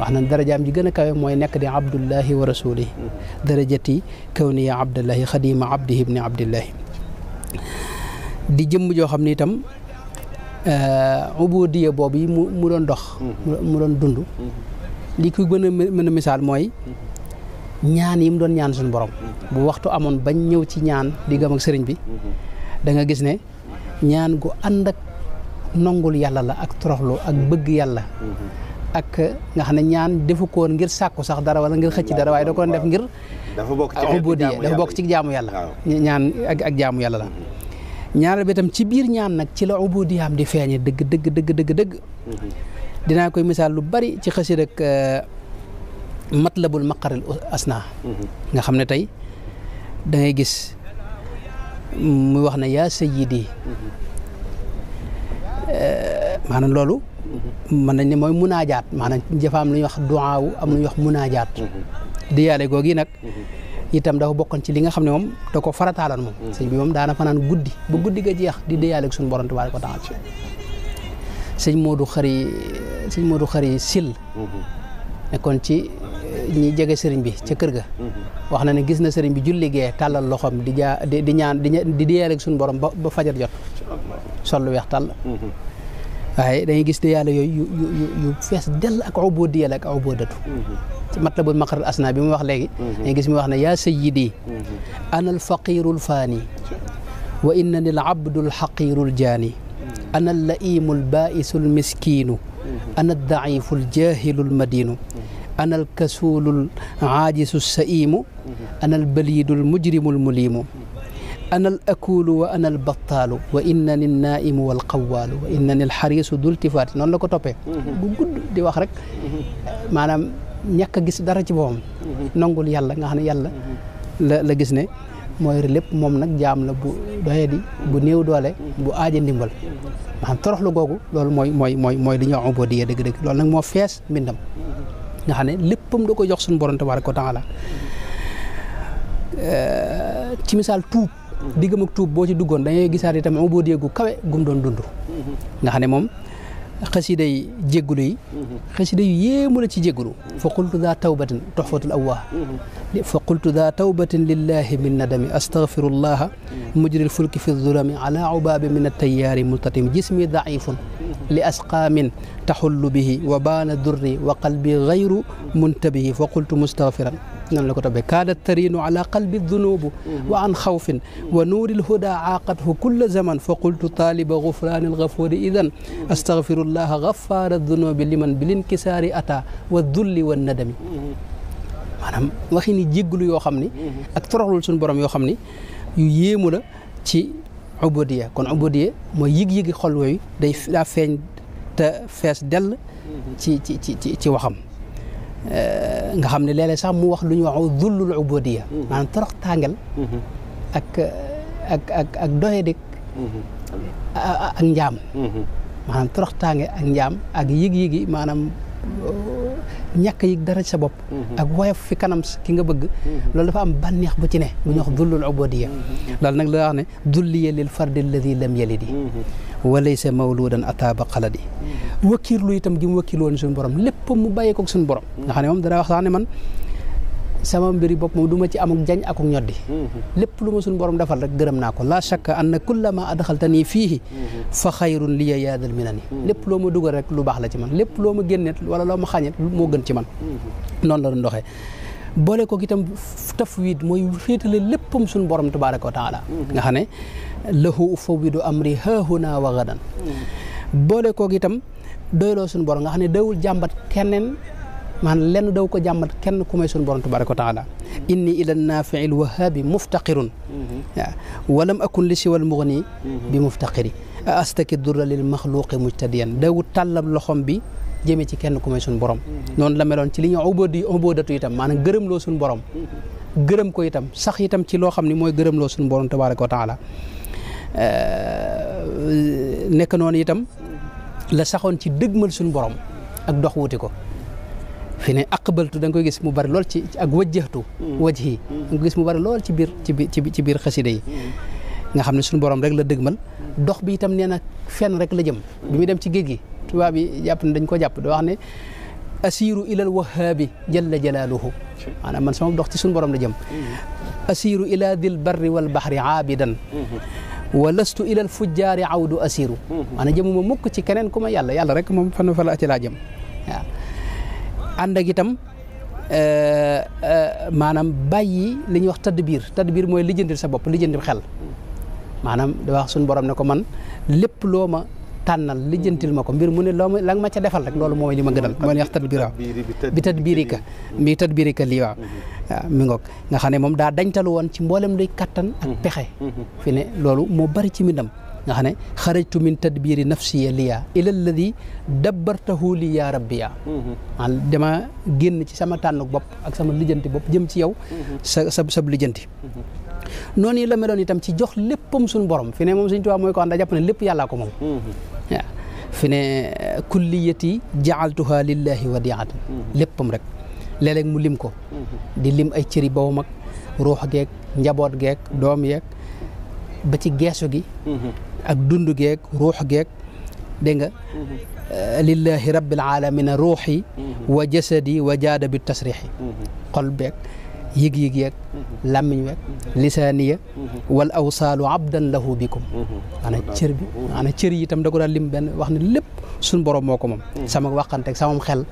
wax na darajaam ji gën a kawe mooy nekk di abdullahi wa rasulihi darajati kawniya abdullahi xadima abdihi ibni abdillahi di jëm jo xamni tam euh ubudiya boobu yi mu don doon dox mhm. mu doon dundu mhm. li ko gëna mëna misal moy mhm. ñaan yi mu doon ñaan sun borom bu waxtu amon bañ ñew ci ñaan di gam ak sëriñ bi da nga gis ne ñaan gu and ak nongul yalla la ak toroxlu ak bëgg yalla ak nga xamne ñaan defu ko ngir sakku sax dara wala ngir dara way da ko def ngir ubudiya dafa bok ci jaamu yalla ñaan ak jaamu yalla la ñaaral betam ci biir ñaan nak ci la ubudiyam di feeñe deug deug deug deug deug mhm. dina koy misal lu bari ci ak euh, matlabul al asna mhm. nga xamne tay da ngay gis muy wax na ya sayyidi manan mhm. euh, lolu man nañ ne moy munajat manan jefam luñ wax duaa am luñ wax munajat di gogi nak itam dafa bokkon ci li nga xamne mom da ko farataaloon mom mm. señ bi mom daana fanan guddii bu guddii ga jeex di déyaale ak sun borom tabaraka wa taala señ Modou xari señ Modou xari Sil mm-hmm. nekkoon ci eh, ñi jege señ bi ci kër ga mm-hmm. wax na ne gis na señ bi julli ge talal loxom di ja di ñaan di déyaale ak sun borom ba fajar jot sallu wex tal waye mm-hmm. waaye dañuy gis you yoy yu yu yu fees ak ubudiyal ak ubudatu مطلب المقر الأسنى بما وقت لك يعني وقتنا يا سيدي أنا الفقير الفاني وإنني العبد الحقير الجاني أنا اللئيم البائس المسكين أنا الضعيف الجاهل المدين أنا الكسول العاجز السئيم أنا البليد المجرم المليم أنا الأكول وأنا البطال وإنني النائم والقوال وإنني الحريص ذو التفات نقول لك توبي دي واخرك معنا ñàkk gis dara ci boppam mhm. nangul yàlla nga xam ne yàlla la gis ne mooy lépp moom nag jaam la bu doyadi bu néew doole mhm. bu aaja ndimbal nga xam toroxlu googu loolu mooy mooy mooy mooy li ñuy wax ubudiya dëgg-dëgg loolu nag moo fees mbindam mhm. nga xam ne léppam da ko jox suñu borom tabaaraka wa taala euh, ci misaal tuub diggam ak tuub boo ci duggoon da ngay gisaat itam ubudiya gu kawe gum doon dund nga moom قصيدي جيغولي قصيدي ييمولا سي جيغولو فقلت ذا توبه تحفه الاواه فقلت ذا توبه لله من ندم استغفر الله مجري الفلك في الظلم على عباب من التيار ملتطم جسمي ضعيف لاسقام تحل به وبان ذري وقلبي غير منتبه فقلت مستغفرا فتنة لكتب كادت ترين على قلب الذنوب وعن خوف ونور الهدى عاقته كل زمن فقلت طالب غفران الغفور إذا أستغفر الله غفار الذنوب لمن بالانكسار أتى والذل والندم maanaam waxi ni jégglu yoo xam ni ak toroxlul suñu borom yoo xam ni yu yéemu la ci ubadiya kon ubadiya mooy yëg-yëgi xol yooyu day daa feeñ te fees dell ci ci ci ci waxam Euh, nga xam ne léeg-léeg sax mu wax lu ñuy wax dullul ubudiyya mm-hmm. maanaam torox tàngal mm-hmm. ak ak ak ak doye dik mm-hmm. ak njaam maanaam torox tànge ak njaam ak yëg-yëgi maanaam euh, ñàkk yëg dara ci sa ak woyof fi kanam ki nga bëgg loolu dafa am bànneex bu ci ne bu ñuy wax dullul ubudiyya loolu nag la wax ne dulliya lil fardi alladi lam yalidi walaysa mawludan ata ba xaladi wakkiirlu itam gi mu wakkiil woon suñu borom lépp mu bàyyee koog suñu borom nga xam ne moom dana wax sax ne man sama mbiri bopp moom du ma ci am ak jañ akuk ñoddi lépp lu ma suñu borom defal rek gërëm naa ko la shakka anna kullama adxaltani fiihi fa xayrun liya yaadal minani lépp loo ma dugal rek lu baax la ci man lépp loo ma génnet wala loo ma xañet moo gën ci man noonu la doon doxee bolé ko kitam tafwid moy fétalé leppum sun borom tabaaraku taala nga xane lahu ufawidu amri haahuna wa ghadan bolé ko kitam doylo sun borom nga xane dewul jàmbat kenen man len daw ko jàmbat kenn kumay sun borom tabaaraku taala inni ila nafi'il lwahabi muftaqirun walam akun li siwal mughni bi muftaqiri astakid durra lil maxluqi mujtadiyan dawul talab loxom bi jëmee ci kenn ku may suñu borom mm-hmm. noonu la meloon ci li ñu ubóodi ubóodatu itam maanaam gërëm loo suñu borom mm-hmm. gërëm ko itam sax itam ci loo xam ne mooy gërëm loo suñu borom tabaaraka wa taala euh, nekk noonu itam la saxoon ci dëgmal suñu borom ak dox wuti ko fi ne aqbaltu da nga koy gis mu bari lool ci ak wajjahtu mm-hmm. wajhi koy gis mu bari lool ci biir ci biir biir xasida yi nga xam ne suñu borom rek la dëgmal dox bi itam nee na fenn rek la jëm bi muy dem ci géej gi tubaab yi japp dañ ko japp di wax ne asiru ila alwahhabi jalla jalaluhu manam man sama dox ci sun borom la jëm asiru ila dil barri wal bahri abidan ولست الى الفجار عود اسير انا جيم ما موك سي كنين كوما يالا يالا رك موم فن فلا تي لا جيم اندك يتام ا مانام باي لي ني وخ تدبير تدبير موي لي جندير سا بوب لي جندير خيل مانام دا وخ سون بروم نكو مان ليپ لوما tànnal lijjantil ma ko mbir mu ne loo ma la ma ca defal rek moo ñu ma gënal moo neex tat bira bi tat biirika bi tat biirika lii waaw mm-hmm. waaw mi ngoog nga xam ne moom daa dañtalu woon ci mboolem luy kattan ak mm-hmm. pexe mm-hmm. fi ne loolu moo bari ci mindam nga xam ne xarajtu min tadbiri nafsiya liya ila alladi dabbartahu li ya rabbiya a dama génn ci sama tànn bopp ak sama lijjanti bopp jëm ci yow sa sa sab lijjanti noonu yi la meloon itam ci jox léppam suñu borom fi ne moom Sëñ Tuubaa mooy ko xam daa jàpp ne lépp yàllaa ko moom فين كليتي جعلتها لله وديعة لبم رك لالك ملمكو دي لم اي تشري بومك روح جيك نجابوت جيك دوم جيك بتي جاسو جي اك دوندو جيك روح جيك دينغا لله رب العالمين روحي وجسدي وجاد بالتسريح قلبك yëg-yëg yeeg làmmiñ weeg lisaaniya wal awsaalu abdan lahu bikum ana cër bi ana yi itam da ko daal lim benn wax na lépp suñ borom moo ko moom sama waxanteeg samam xel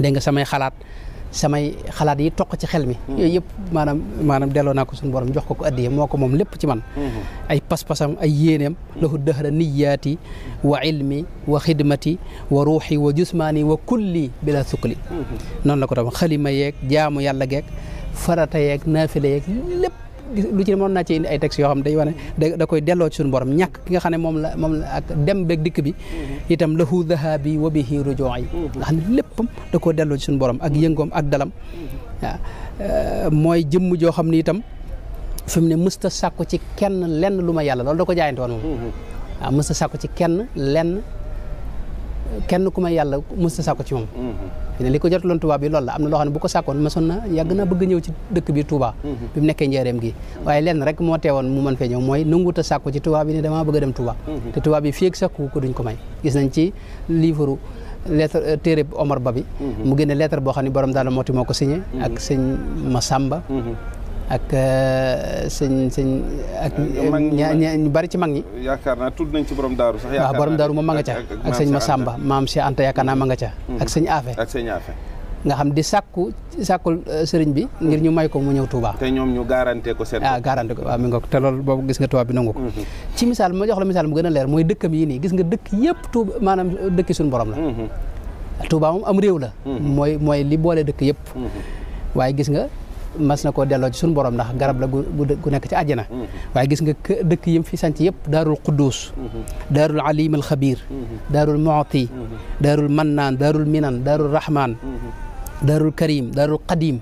dégg nga samay xalaat samay xalaat yi toq ci xel mi yooyu yëpp maanaam maanaam delloo naa ko suñu borom jox ko ko addiye moo ko moom lépp ci man ay pas-pasam ay yéeneem lahu dëhra niyaati wa ilmi wa xidmati wa ruuxi wa jusmaani wa kulli bila sukli noonu la ko tam xalima yeeg jaamu yàlla geeg farata yeeg naafila yeeg lépp lu ci mën naa ci indi ay textes yoo xam day wane da koy delloo ci suñu borom ñàkk ki nga xam ne moom la moom la ak dem beeg dikk bi mhm. itam lahu dhahabi wa wo ruju'i mhm. nga xam ne léppam da koo delloo ci suñu borom ak mhm. yëngoom ak dalam waaw euh, mooy jëmm joo xam ne itam fi mu ne mësta sàkku ci kenn lenn lu ma yàlla loolu da ko jaayante woon moom waaw mësta ci kenn lenn kenn ku may yàlla mosut a sàkku ci moom. ne li ko jotuloon Touba bi loolu la am na loo xam ne bu ko sàkkoon mosoon na yàgg na bëgg ñëw ci dëkk bi Touba. Mhm. bi mu nekkee njëreem gi waaye lenn rek moo teewoon mu mën fee ñëw mooy nanguut a sàkku ci Touba bi ne damaa a dem Touba. Mhm. te Touba bi fii ak sàkku ko duñ ko may ci livre lettre euh, téere Ba bi. Mhm. mu génne lettre boo xam borom daal moo ti moo ko signé. ak sëñ Massamba. ak señ eh, señ ak ñu eh, bari ci mag ñi yaakar na tudd nañ ci borom daru sax waaw ah, borom daru mo ma nga ca mm-hmm. ak ma Masamba maam si Anta yaakaar na ma nga ca ak señ afé ak señ afé nga xam di sakku sakul eh, sëriñ bi ngir ñu may ko mu ñew Touba te ñom ñu garanté ko seen ah garanté ko waaw mi ngok te lol bobu gis nga Touba bi nangu mm-hmm. ci misal ma jox la misal mu gëna leer moy dëkk yi ni gis nga dëkk yépp Touba manam dëkk suñu borom la mm-hmm. Touba moom am rew la moy moy li boole dëkk yépp waye gis nga mas na koo delloo ci suñu borom ndax garab la gu nekk ci àjjana mm-hmm. waaye gis nga dëkk yim fi sanc yëpp daarul quddus mm-hmm. daarul alim al xabir mm-hmm. daarul mu'ti daarul mannaan daarul minan daarul rahman daarul karim daarul qadim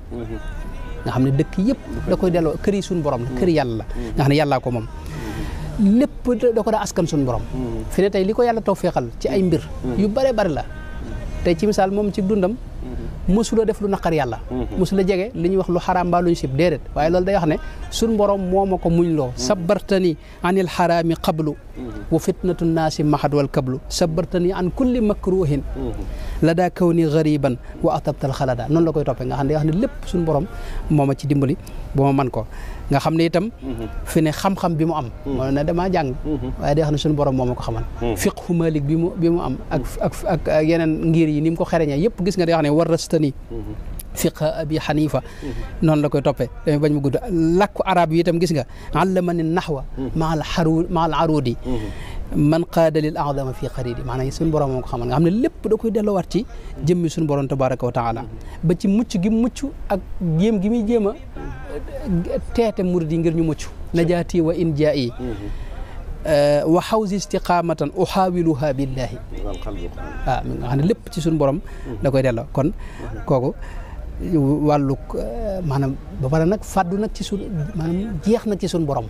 nga xam ne dëkk yëpp da koy delloo kër yi suñu borom la kër yàlla la nga xam ne yàllaa ko moom lépp da ko daa suñu borom fi ne li ko yàlla taw féexal ci ay mbir yu bare bari la tey ci misaal moom ci dundam mësula def lu nakar yàlla mësula jege li wax lu haram ba lu sip dédét waye waaye day wax ne suñ borom momako ma muñ loo sabartani anil harami qablu wa fitnatun naasi mahad wal qablu sabartani an kulli makruhin lada kawni ghariban wa atabta al khalada non la koy topé nga xam wax ne lépp suñ borom moma ci dimbali bo man ko nga xam ne itam fi ne xam-xam bi mu am moo na damaa jàng waaye day xam ne suñu borom moo ma ko xamal fiqhu malik bi mu bi mu am ak ak ak yeneen ngir yi ni mu ko xereñee yëpp gis nga day wax ne war rastani fiqa abi xanifa noonu la koy toppee dañu bañ mu gudd làkku arab yi itam gis nga allama ni naxwa maa al xaru maa al arudi man qaada lil adama fii xaridi maanaam suñu borom moo ko xamal nga xam ne lépp da koy delloowaat ci jëmmi suñu borom tabaraka wa taala ba ci mucc gi mucc ak jéem gi muy jéem a teete murid yi ngir ñu mucc najaati wa in jaa mhm. wa xawsi istiqaamatan uxaawiluha billaahi waaw ah, mi nga xam lépp ci suñu borom mhm. la koy delloo kon mhm. kooku wàllug maanaam ba pare nag fàddu nag ci sun maanaam jeex nag ci sun borom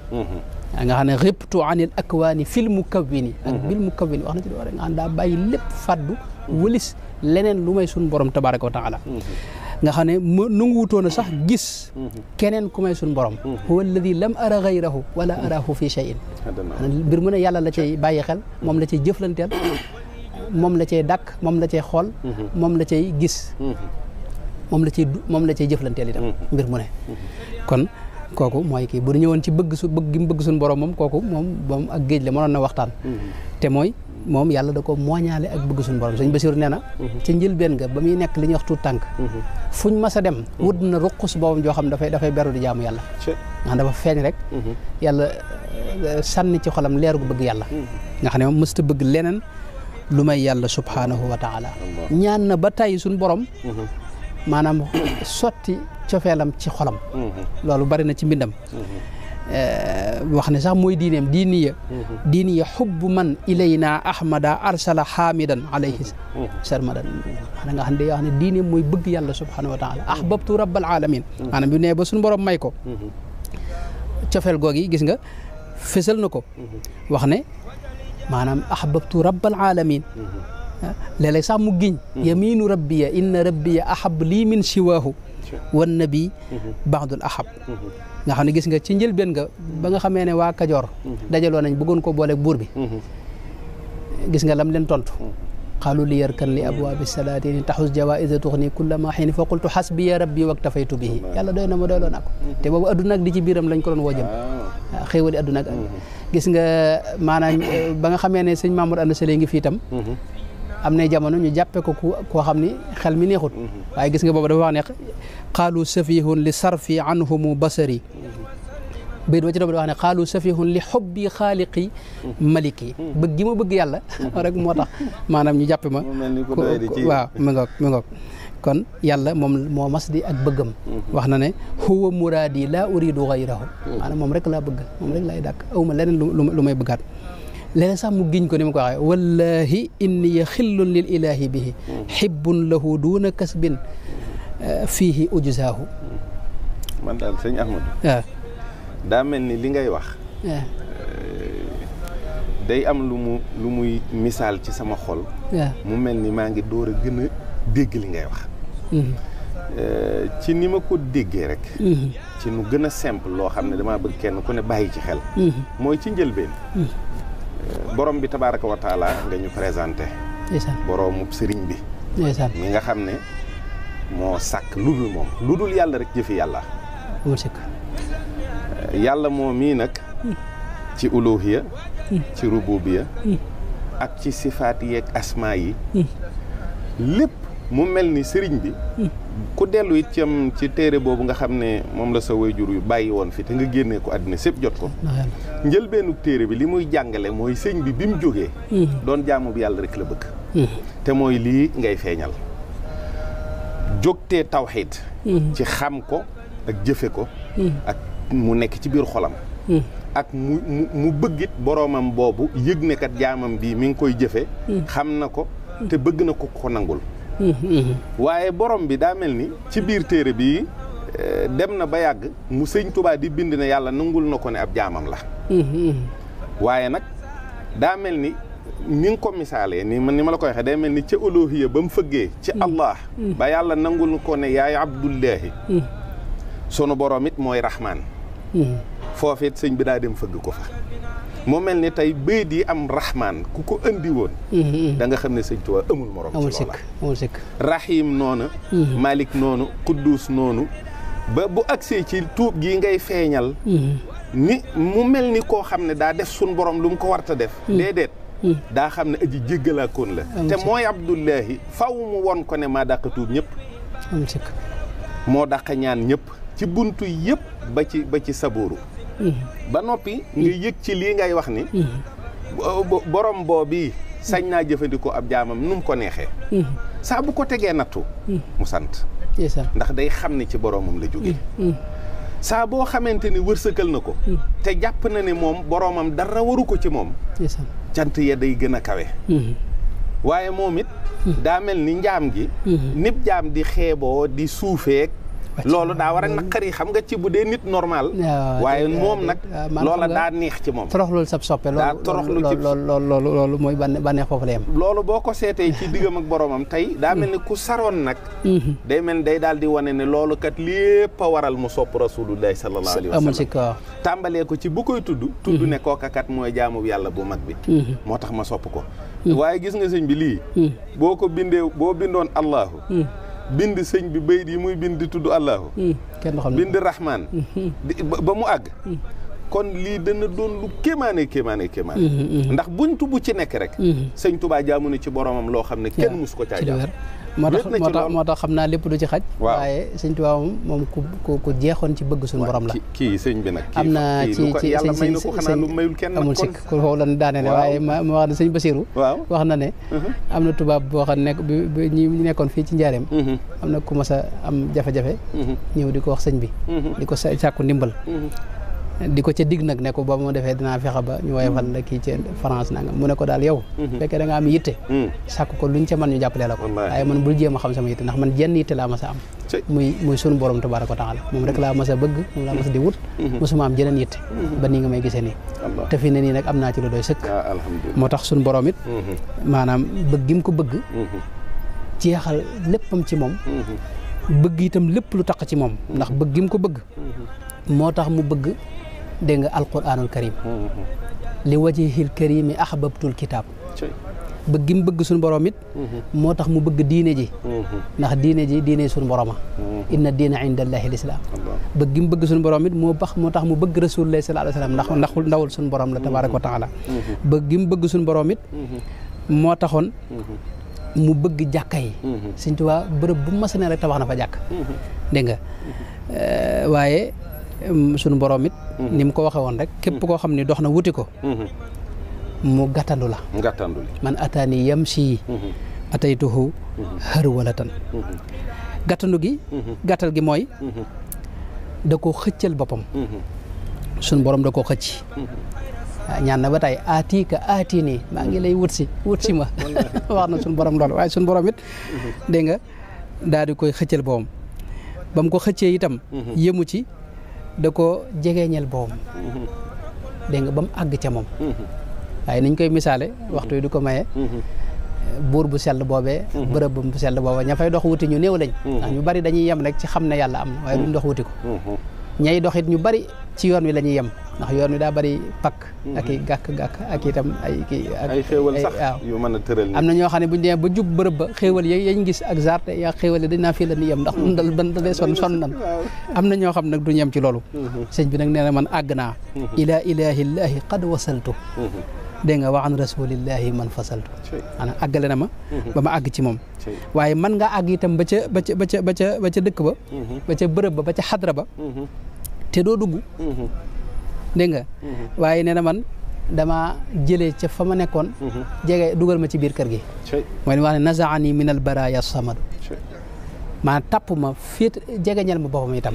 nga xam ne ribtu anil akwaani fil mukawwini ak daa bàyyi lépp fàddu wëlis leneen lu may sun borom tabaraka wa taala nga xam ne ma nangu sax gis mhm. keneen ku may suñ borom mhm. huwa alladi lam ara gayrahu wala mhm. arahu fi cheyin mbir mu ne yàlla la cay bàyyi xel moom la cay jëflanteel moom la cay dàkk moom la cay xool moom la cay gis moom la du moom la cay jëflanteel itam mbir mu ne kon kooku bu ñëwoon ci bëgg su bëgg bëgg suñu borom moom kooku moom moom ak waxtaan te mooy moom yàlla da ko mooñaale ak bëgg suñu borom sëñ Basiru nee na mhm. ci njëlbeen nga ba mu nekk li ñuy wax tuut tànk mhm. fuñ mas a dem mhm. wut na ruqus boobam joo xam dafay dafay beru di jaamu yàlla ndax dafa feeñ rek yalla eh, eh, sànni ci xolam leer gu bëgg yàlla nga xam ne moom mësta bëgg leneen lu may yàlla subhaanahu wa taala ñaan na ba tey suñu borom maanaam sotti cofeelam ci xolam loolu bari na ci mbindam Euh, wax ne sax mooy diineem diiniya mhm. diiniya xubbu man ilayna ahmada arsala xaamidan alayhi mhm. Mhm. sarmadan maanaam nga xam ne wax ne diineem mooy bëgg yàlla subhanahu wa taala rabbal alamin maanaam bu ne ba may ko cofeel googi gis nga fësal ko wax ne maanaam rabbal alamin ah, léeg sax mu giñ yaminu rabbiya inna rabbiya ahab lii min siwaahu wan na bi mhm. baxdul ahab mhm. nga xam ne nga ci njëlbéen nga ba nga xamee ne waa Kajoor mhm. dajaloo nañ bëggoon ko booleeg buur bi gis nga lam leen tontu xaalu li yarkan li abwaabi salaatini taxus jawaïsa tuxni kulla ma xiini fa qultu xasbiya rabbi waktafaytu bihi yàlla doy na ma doyloo naa ko te boobu adduna ak di ci lañ ko doon woo jëm ah, xéewali gis nga maanaam eh, ba nga xamee ne sëñ Mamour Anda Sële ngi fii itam am na jamono ñu jàppe ko ku koo xam ni xel mi neexut mhm. waaye gis nga boobu dafa wax ne qaalu safihun li sarfi anhumu basari bayit ba ci doon wax ne xaalu safihun li xobbi xaaliqi mhm. maliki mhm. bëgg gi ma bëgg yàlla rek moo tax maanaam ñu jàppe ma waaw mi ngoog ma ngoog kon yàlla moom moo mas di ak bëggam wax na ne huwa muraadi laa uridu gayrahu maanaam moom rek laa bëgg moom rek laay dàkk awma leneen lu may bëggaat لا سام مجين كوني مكوا آية. والله إني يخل للإله به حب له دون كسب آه، فيه أجزاه من دال سيني أحمد yeah. دام إني لينجا يوخ yeah. داي أم لمو لمو مثال تي سما خول yeah. ممل نيما عند دور جن دق لينجا يوخ ci ni ma ko déggee rek ci nu gën a simple loo xam ne dama bëgg kenn ku ne bàyyi ci xel mooy ci njëlbeen borom bi tabaaraka wa taala nga ñu présenté. boroomu sëriñ bi. mi nga xam ne moo sàkk lu dul moom lu dul yàlla rek jëfi yàlla. Eh, yàlla moo mii nag. Hmm. ci uluhiya hmm. ci rububiya hmm. ak ci sifaat yeeg asmaa yi. lépp mu mel ni sëriñ bi ku dellu it ci téere boobu nga xam ne moom la sa wayjur yu bàyyi woon fi te nga génnee ko àddina sépp jot ko njëlbeenu téere bi li muy jàngale mooy sëñ bi bi mu jógee hmm. doon jaamu bi yàlla rek la bëgg hmm. te mooy lii ngay feeñal jógtee tawxiid hmm. ci xam ko ak jëfe ko ak mu nekk ci biir xolam ak mu mu bëggit boroomam boobu yëg ne kat jaamam bii mi ngi koy jëfe xam na ko te bëgg na ko ko nangul waaye borom bi daa mel ni ci biir téere bii eh, dem na ba yàgg mu sëñ Tuubaa di bind na yàlla nangul na ko ne ab jaamam la waaye nag daa mel ni ni nga ko misaalee ni ni ma la koy waxee day mel ni ca olohiya ba mu fëggee ci allah ba yàlla nangul ko ne yaay abdullahi sunu borom mooy rahmaan foofu sëñ bi daa dem fëgg ko fa mu mel ni tey bayit yi am rahmaan ku ko indi woon mhm. danga xam ne sëñ amul morom amul sikk amul sikk rahim noonu mhm. malik noonu quddus noonu ba bu agsee ci tuub gi ngay feeñal mhm. ni mu mel ni koo xam ne daa def suñ borom lu mu ko warta def déedéet daa xam ne aji jéggalaakoon la te mooy Abdullahi faw mu won ko ne maa dàq tuub ñépp amul sikk moo dàq ñaan ñëpp ci buntu yëpp ba ci ba ba noppi hmm. nga yëg ci lii ngay wax ni hmm. borom boo sañ naa jëfandikoo ab jaamam nu mu ko neexee hmm. saa bu ko tegee nattu mu sant ndax day xam ne ci boromam la jóge saa boo xamante ni wërsëgal na ko te jàpp na ne moom boromam dara waru ko ci moom cant ya day gën a kawe waaye moom daa mel ni njaam gi nib jaam di xeeboo di suufeek loolu daa war a naqari xam nga ci bu dee nit normal. Ah, waaye ah, moom nag. Ah, loola daa neex ci moom. toroxlul sab soppe loolu daa toroxlu ci loolu loolu loolu mooy bànneex foofu la yem. loolu boo ko seetee ci diggam ak boromam tay daa mel ni ku saroon nag. Mhm. day mel day daal di wane ne loolukat kat lépp a waral mu sopp rasulullahi sallallahu alayhi wa sallam. amul ci kaw tàmbalee ko ci bu koy tudd. tudd mhm. ne kooka kat mooy jaamu yàlla bu mag bi. Mhm. moo tax ma sopp ko. waaye gis nga sëñ bi lii. boo ko bindee boo bindoon Allahu. bind sëñ bi bayit yi muy bind di tudd Allahu. kenn xam bind Rahman. ba mu àgg. kon lii dana doon lu kéemaane kéemaane kéemaane ndax buntu bu ci nekk rek. sëñ Touba jaamu na ci boromam loo xam ne kenn musu ko caa jaam moo tax moo tax moo tax xam naa lépp du ci xaj waaye sëñ Tuubaa moom moom ku ku ku jeexoon ci bëgg suñu borom la kii bi nag am na ci ci sëñ amul sikk ku foofu lan daane ne waaye ma ma wax ne sëñ Basiru wax na ne mhm. am na tubaab boo xam ne bi ñi nekkoon fii ci njaareem mhm. am na ku mas a am jafe-jafe mhm. ñëw di ko wax sëñ bi di ko sàkku ndimbal di ci dig nak ne ko bama defé dina fexa ba ñu woyofal mm. la ki ci France nanga mu ne ko dal yow mm-hmm. fekkee da nga am yitte mm. sàkk ko luñ ci man ñu jappalé la ko man bu jéma xam sama ndax man jenn yitte la ma sa am muy muy sunu borom tabaraku taala mom rek la ma sa bëgg la ma mas di wut musuma mm-hmm. am jenen yitte mm-hmm. ba ni nga may gisé ni te fi ne nii nag am ci lu doy sëkk ya, motax tax sunu borom it maanaam bëggim ko bëgg jeexal leppam ci mom bëgg itam lepp lu ci mom ndax ko bëgg motax mu bëgg dégg nga alquranul karim mm-hmm. li wajihil karimi ahbabtul kitab bëgg mu bëgg suñu borom mm-hmm. moo tax mu bëgg diine ji mm-hmm. ndax diine ji diine suñu boroma inna diina inda allahi lislaam bëgg mu bëgg suñu borom moo moo tax mu bëgg rasulullah sallallahu alayhi wa sallam ndax ndaxul ndawul suñu borom la tabaraka wa taala bëgg mu bëgg suñu borom moo taxoon mu bëgg jàkka yi Sëñ Tuubaa bërëb bu mas rek tabax na fa jàkk dégg eh, waaye sunu borom it. Mhm. nim kawan ko waxe won rek. kep mhm. ko xamni ni wuti ko. Mhm. mu gatandu la. gatandu man atani yamsi ataytuhu xër walatan tan. gi. gatal gi moy da koo xëccal boppam. sunu borom da koo xëcc. Ah, ñaan na batay ati aati ka aati nii ngi lay wutsi wutsi ma wax na sunu borom lool way sunu borom it. de nga daal di koy xeccel bopam bam ko xecce itam. yemu ci. da ko jegeeñeel boobam dégg nga ba mu àgg ca moom waaye niñ koy misaale waxtu yi du ko maye buur bu sell boobee bërëb bu sell boobee ña fay dox wuti ñu néew lañ ñu bari dañuy yem rek ci xam ne yàlla am na waaye duñ dox wuti ko ñay doxit ñu bari ci yoon wi lañu ñuy yem ndax yoon wi daa bari pak mhm. ak i gàkk-gàkk ak itam ay kii ay xéewal sax yu mën a tëral am na ñoo xam ne buñu demee ba jub bërëb ba xéewal ya yañ gis ak zarte yaa xéewal yi dañ naa fii la ñuy yem ndax mun mhm. dal ban son son nan am na ñoo xam nag duñ yem ci loolu mhm. sëñ bi nag nee na man àgg naa ilaa ilaahillaahi qad wasaltu dégg nga wa waxan rasulillahi man fasaltu maanaam àggale na ma ba ma àgg ci moom waaye man nga àgg itam ba ca ba ca ba ca ba ca dëkk ba ba ca bërëb ba ba ca xadra ba te doo dugg. Mhm. dégg mhm. waaye nee na man dama jëlee ca fa ma nekkoon. Mhm. jege dugal ma ci biir kër gi. mooy li ma wax ne nazaani min al baraya samadu. maa tapp ma féet jegeñal ma boppam itam.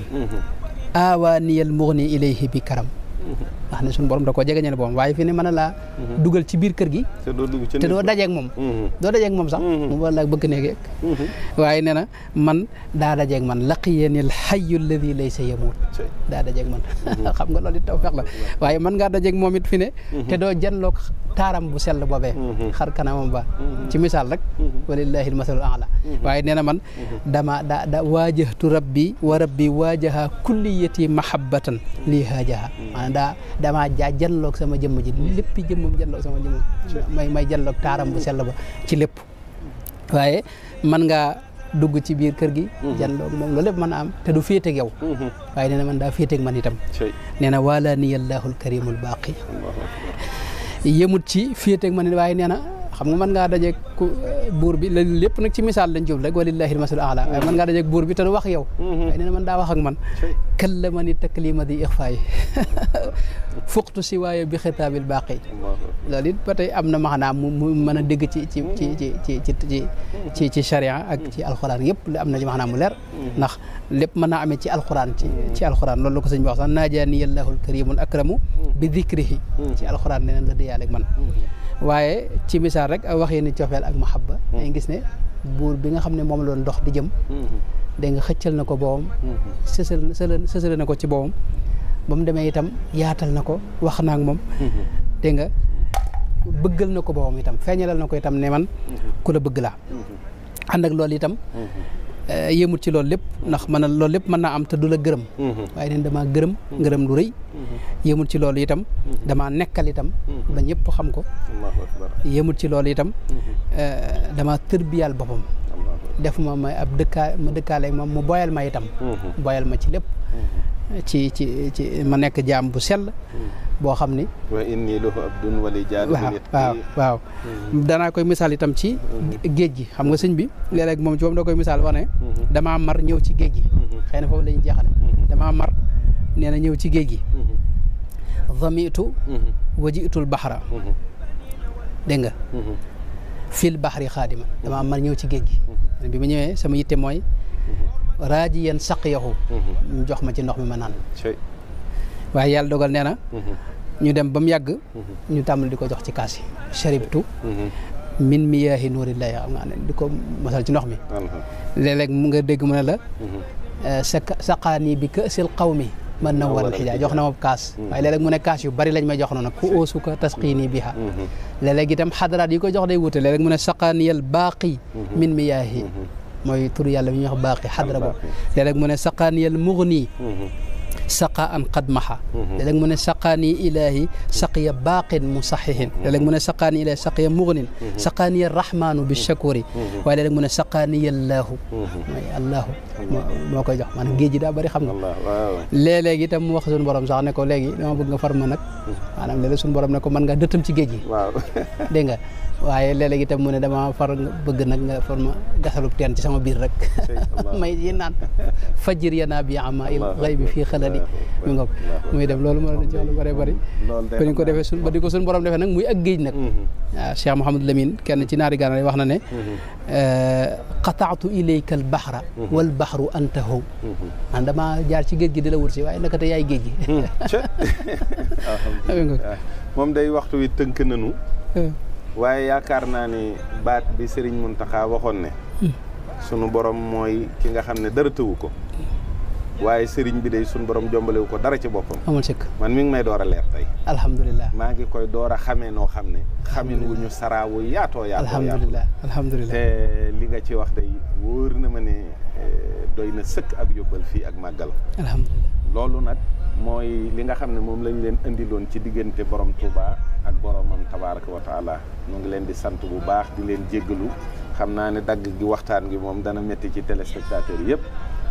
aawaaniyal muxni ilayhi bi karam. nga xam ne suñu borom da koo jegeñal boom waaye fi ne mën a laa mhm. dugal ci biir kër gi te doo dajeeg moom mhm. doo dajeeg moom sax mhm. mu war laa bëgg neeg waaye nee na man daa dajeeg man laqiyani alhayyu alladi laysa yamuut daa dajeeg man xam nga loolu it tawfeex la waaye man ngaa dajeeg moom it fi ne te doo janloog taaram bu sell boobee mhm. xar kanamam ba mhm. ci misaal rek mhm. walillahi almasalul aala waaye nee na man dama da da waajahtu rabbi wa rabbi waajaha kulliyati mahabbatan lii haajaha damaa jaa janloog sama jëmm ji lépp jëmmam janloog sama jëmm may may janloog taaram bu sell ba ci lépp waaye man nga dugg ci biir kër gi jandoog moom loolu lépp mën a am te du féeteeg yow waaye nee na man daa féeteeg man itam nee na wala niyallahul karimul baaqi yemut ci fii teg ma ne waaye nee na xam nga mën ngaa dajeeg buur bi lépp nag ci misaal lañ jublu rek walillahi almasul aala waaye mm-hmm. mën ngaa dajeeg buur bi te du wax yow mm-hmm. waaye nee na man daa wax ak man kallama ni taklima di ixfaay fuqtu si waaye bi xitaabil baaqi loolu it ba tey am na maxanaa mu mu mën a dégg ci ci mm-hmm. ci ci ci ci ci ci ci charia ak ci alxuraan yëpp am na ci maxanaa mu leer ndax lépp mën naa amee ci alxuraan ci ci alxuraan loolu la ko sëñ bi wax sax naajaani akramu bi dikrihi ci alxuraan nee na la déyaaleeg man waaye ci misaal rek wax yéen ni cofeel ak mahabba hmm. dañuy gis ne buur bi nga xam ne moom la doon dox di jëm hmm. dégg nga xëccal na ko boobam hmm. sësal sësal na ko ci boobam ba mu demee itam yaatal na ko wax naa ak moom dégg nga bëggal na ko boobam itam feeñalal na ko itam ne man ku la bëgg laa ànd ak loolu itam eh, yéemut ci loolu lépp ndax mën a loolu lépp mën naa am te du la gërëm waaye neen damaa gërëm ngërëm lu rëy yëmul ci loolu itam damaa nekkal itam ba ñëpp xam ko yëmul ci loolu itam damaa tërbiyaal boppam def ma may ab dëkkaa ma dëkkaale moom mu boyal ma itam boyal ma ci lépp ci ci ci ma nekk jaam bu sell hmm. boo xam ni wa inni lahu abdun wali waaw waaw hmm. koy misaal itam ci hmm. géej gi xam nga sëñ bi léeg moom ci moom da koy misaal wax ne mar ñëw ci géej gi xëy na foofu la ñu damaa mar nee na ñëw ci géej gi zamitu wajitul baxra dégg nga fil baxri xaadima damaa mar ñëw ci géej gi ma ñëwee sama yitte mooy raajiyan saqiyahu ñu mhm. jox ma ci ndox mi ma naan waaye yàlla dogal nee na mhm. ñu dem ba mu yàgg mhm. ñu tàmbali di ko jox ci kaas yi sharibtu min miyaahi nuurillahi xam nga ne di ko masal ci ndox mi léeg mu nga dégg mu ne la eh, saqaanii bi kësil qawmi man na waral xijaa jox na ma kaas waaye léeg mu ne kaas yu bari lañ ma jox noonu ku oosuka tasqiini biha léeg-léeg itam xadaraat yi ko jox day wute léeg-léeg mu ne saqaaniyal baaqi min miyaahi موي تور على ميخ باقي حضره لالك من سقان يا المغني saqaan qadmaha léeg-léeg mu ne saqaani ilahi saqiya baaqin musaxihin léeg-léeg mu ne saqaani ilaahi saqiya mugnin saqaaniya rahmaanu bi shakuri waaye léeg-léeg mu ne saqaaniya allaahu may allaahu moo koy jox maanaam géej gi daa bëri xam nga léeg-léeg itam kita wax suñu borom sax ne ko farm. dama bëgg nga far ma nag maanaam léeg borom ne ko mën nga dëttam ci géej gi nga dama far bëgg nga ci sama biir rek may yi naan fajir yanaa bi mu ngoog muy dem loolu mën na ci lu bëree bëri ko ñu ko defee suñ ba di ko suñ borom defee nag muy ak géej nag mm-hmm. waaw Cheikh Mouhamadou Lamine kenn ci naari gànnaar yi wax na ne mm-hmm. euh, qataatu ilayka al bahra mm-hmm. wal bahru anta damaa jaar ci géej gi di la wër si waaye naka te yaay géej gi mm. moom day waxtu wi tënk nanu euh. waaye yaakaar naa ne baat bi Serigne Mountakha waxoon ne mm. sunu borom mooy ki nga xam ne dara tëwu ko waaye sëriñ bi day suñ borom jombalewu ko dara ci boppam. amul sëkk man mi ngi may door a leer tey. alhamdulilah maa ngi koy door a xamee noo xam ne. xamin wu ñu saraawu yaatoo yaatoo. alhamdulilah alhamdulilah te li nga ci wax day na ma ne e, doy na sëkk ab yóbbal fii ak màggal. loolu nag mooy li nga xam ne moom lañ leen indiloon ci diggante borom Touba ak boromam tabaaraka wa taala ñu ngi leen di sant bu baax di leen jéggalu xam naa ne dagg gi waxtaan gi moom dana métti ci téléspectateurs yëpp.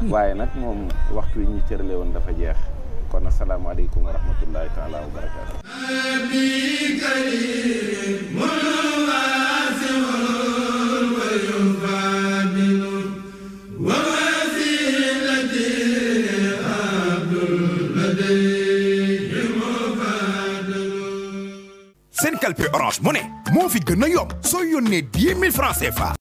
waaye nag moom wax wi ñu cërale woon dafa jeex kon asalaamaaleykum wa rahmatullahi taala wa barakaatu seen kalpe orange money moo fi gën a yomb soo yónnee 10 000 francs CFA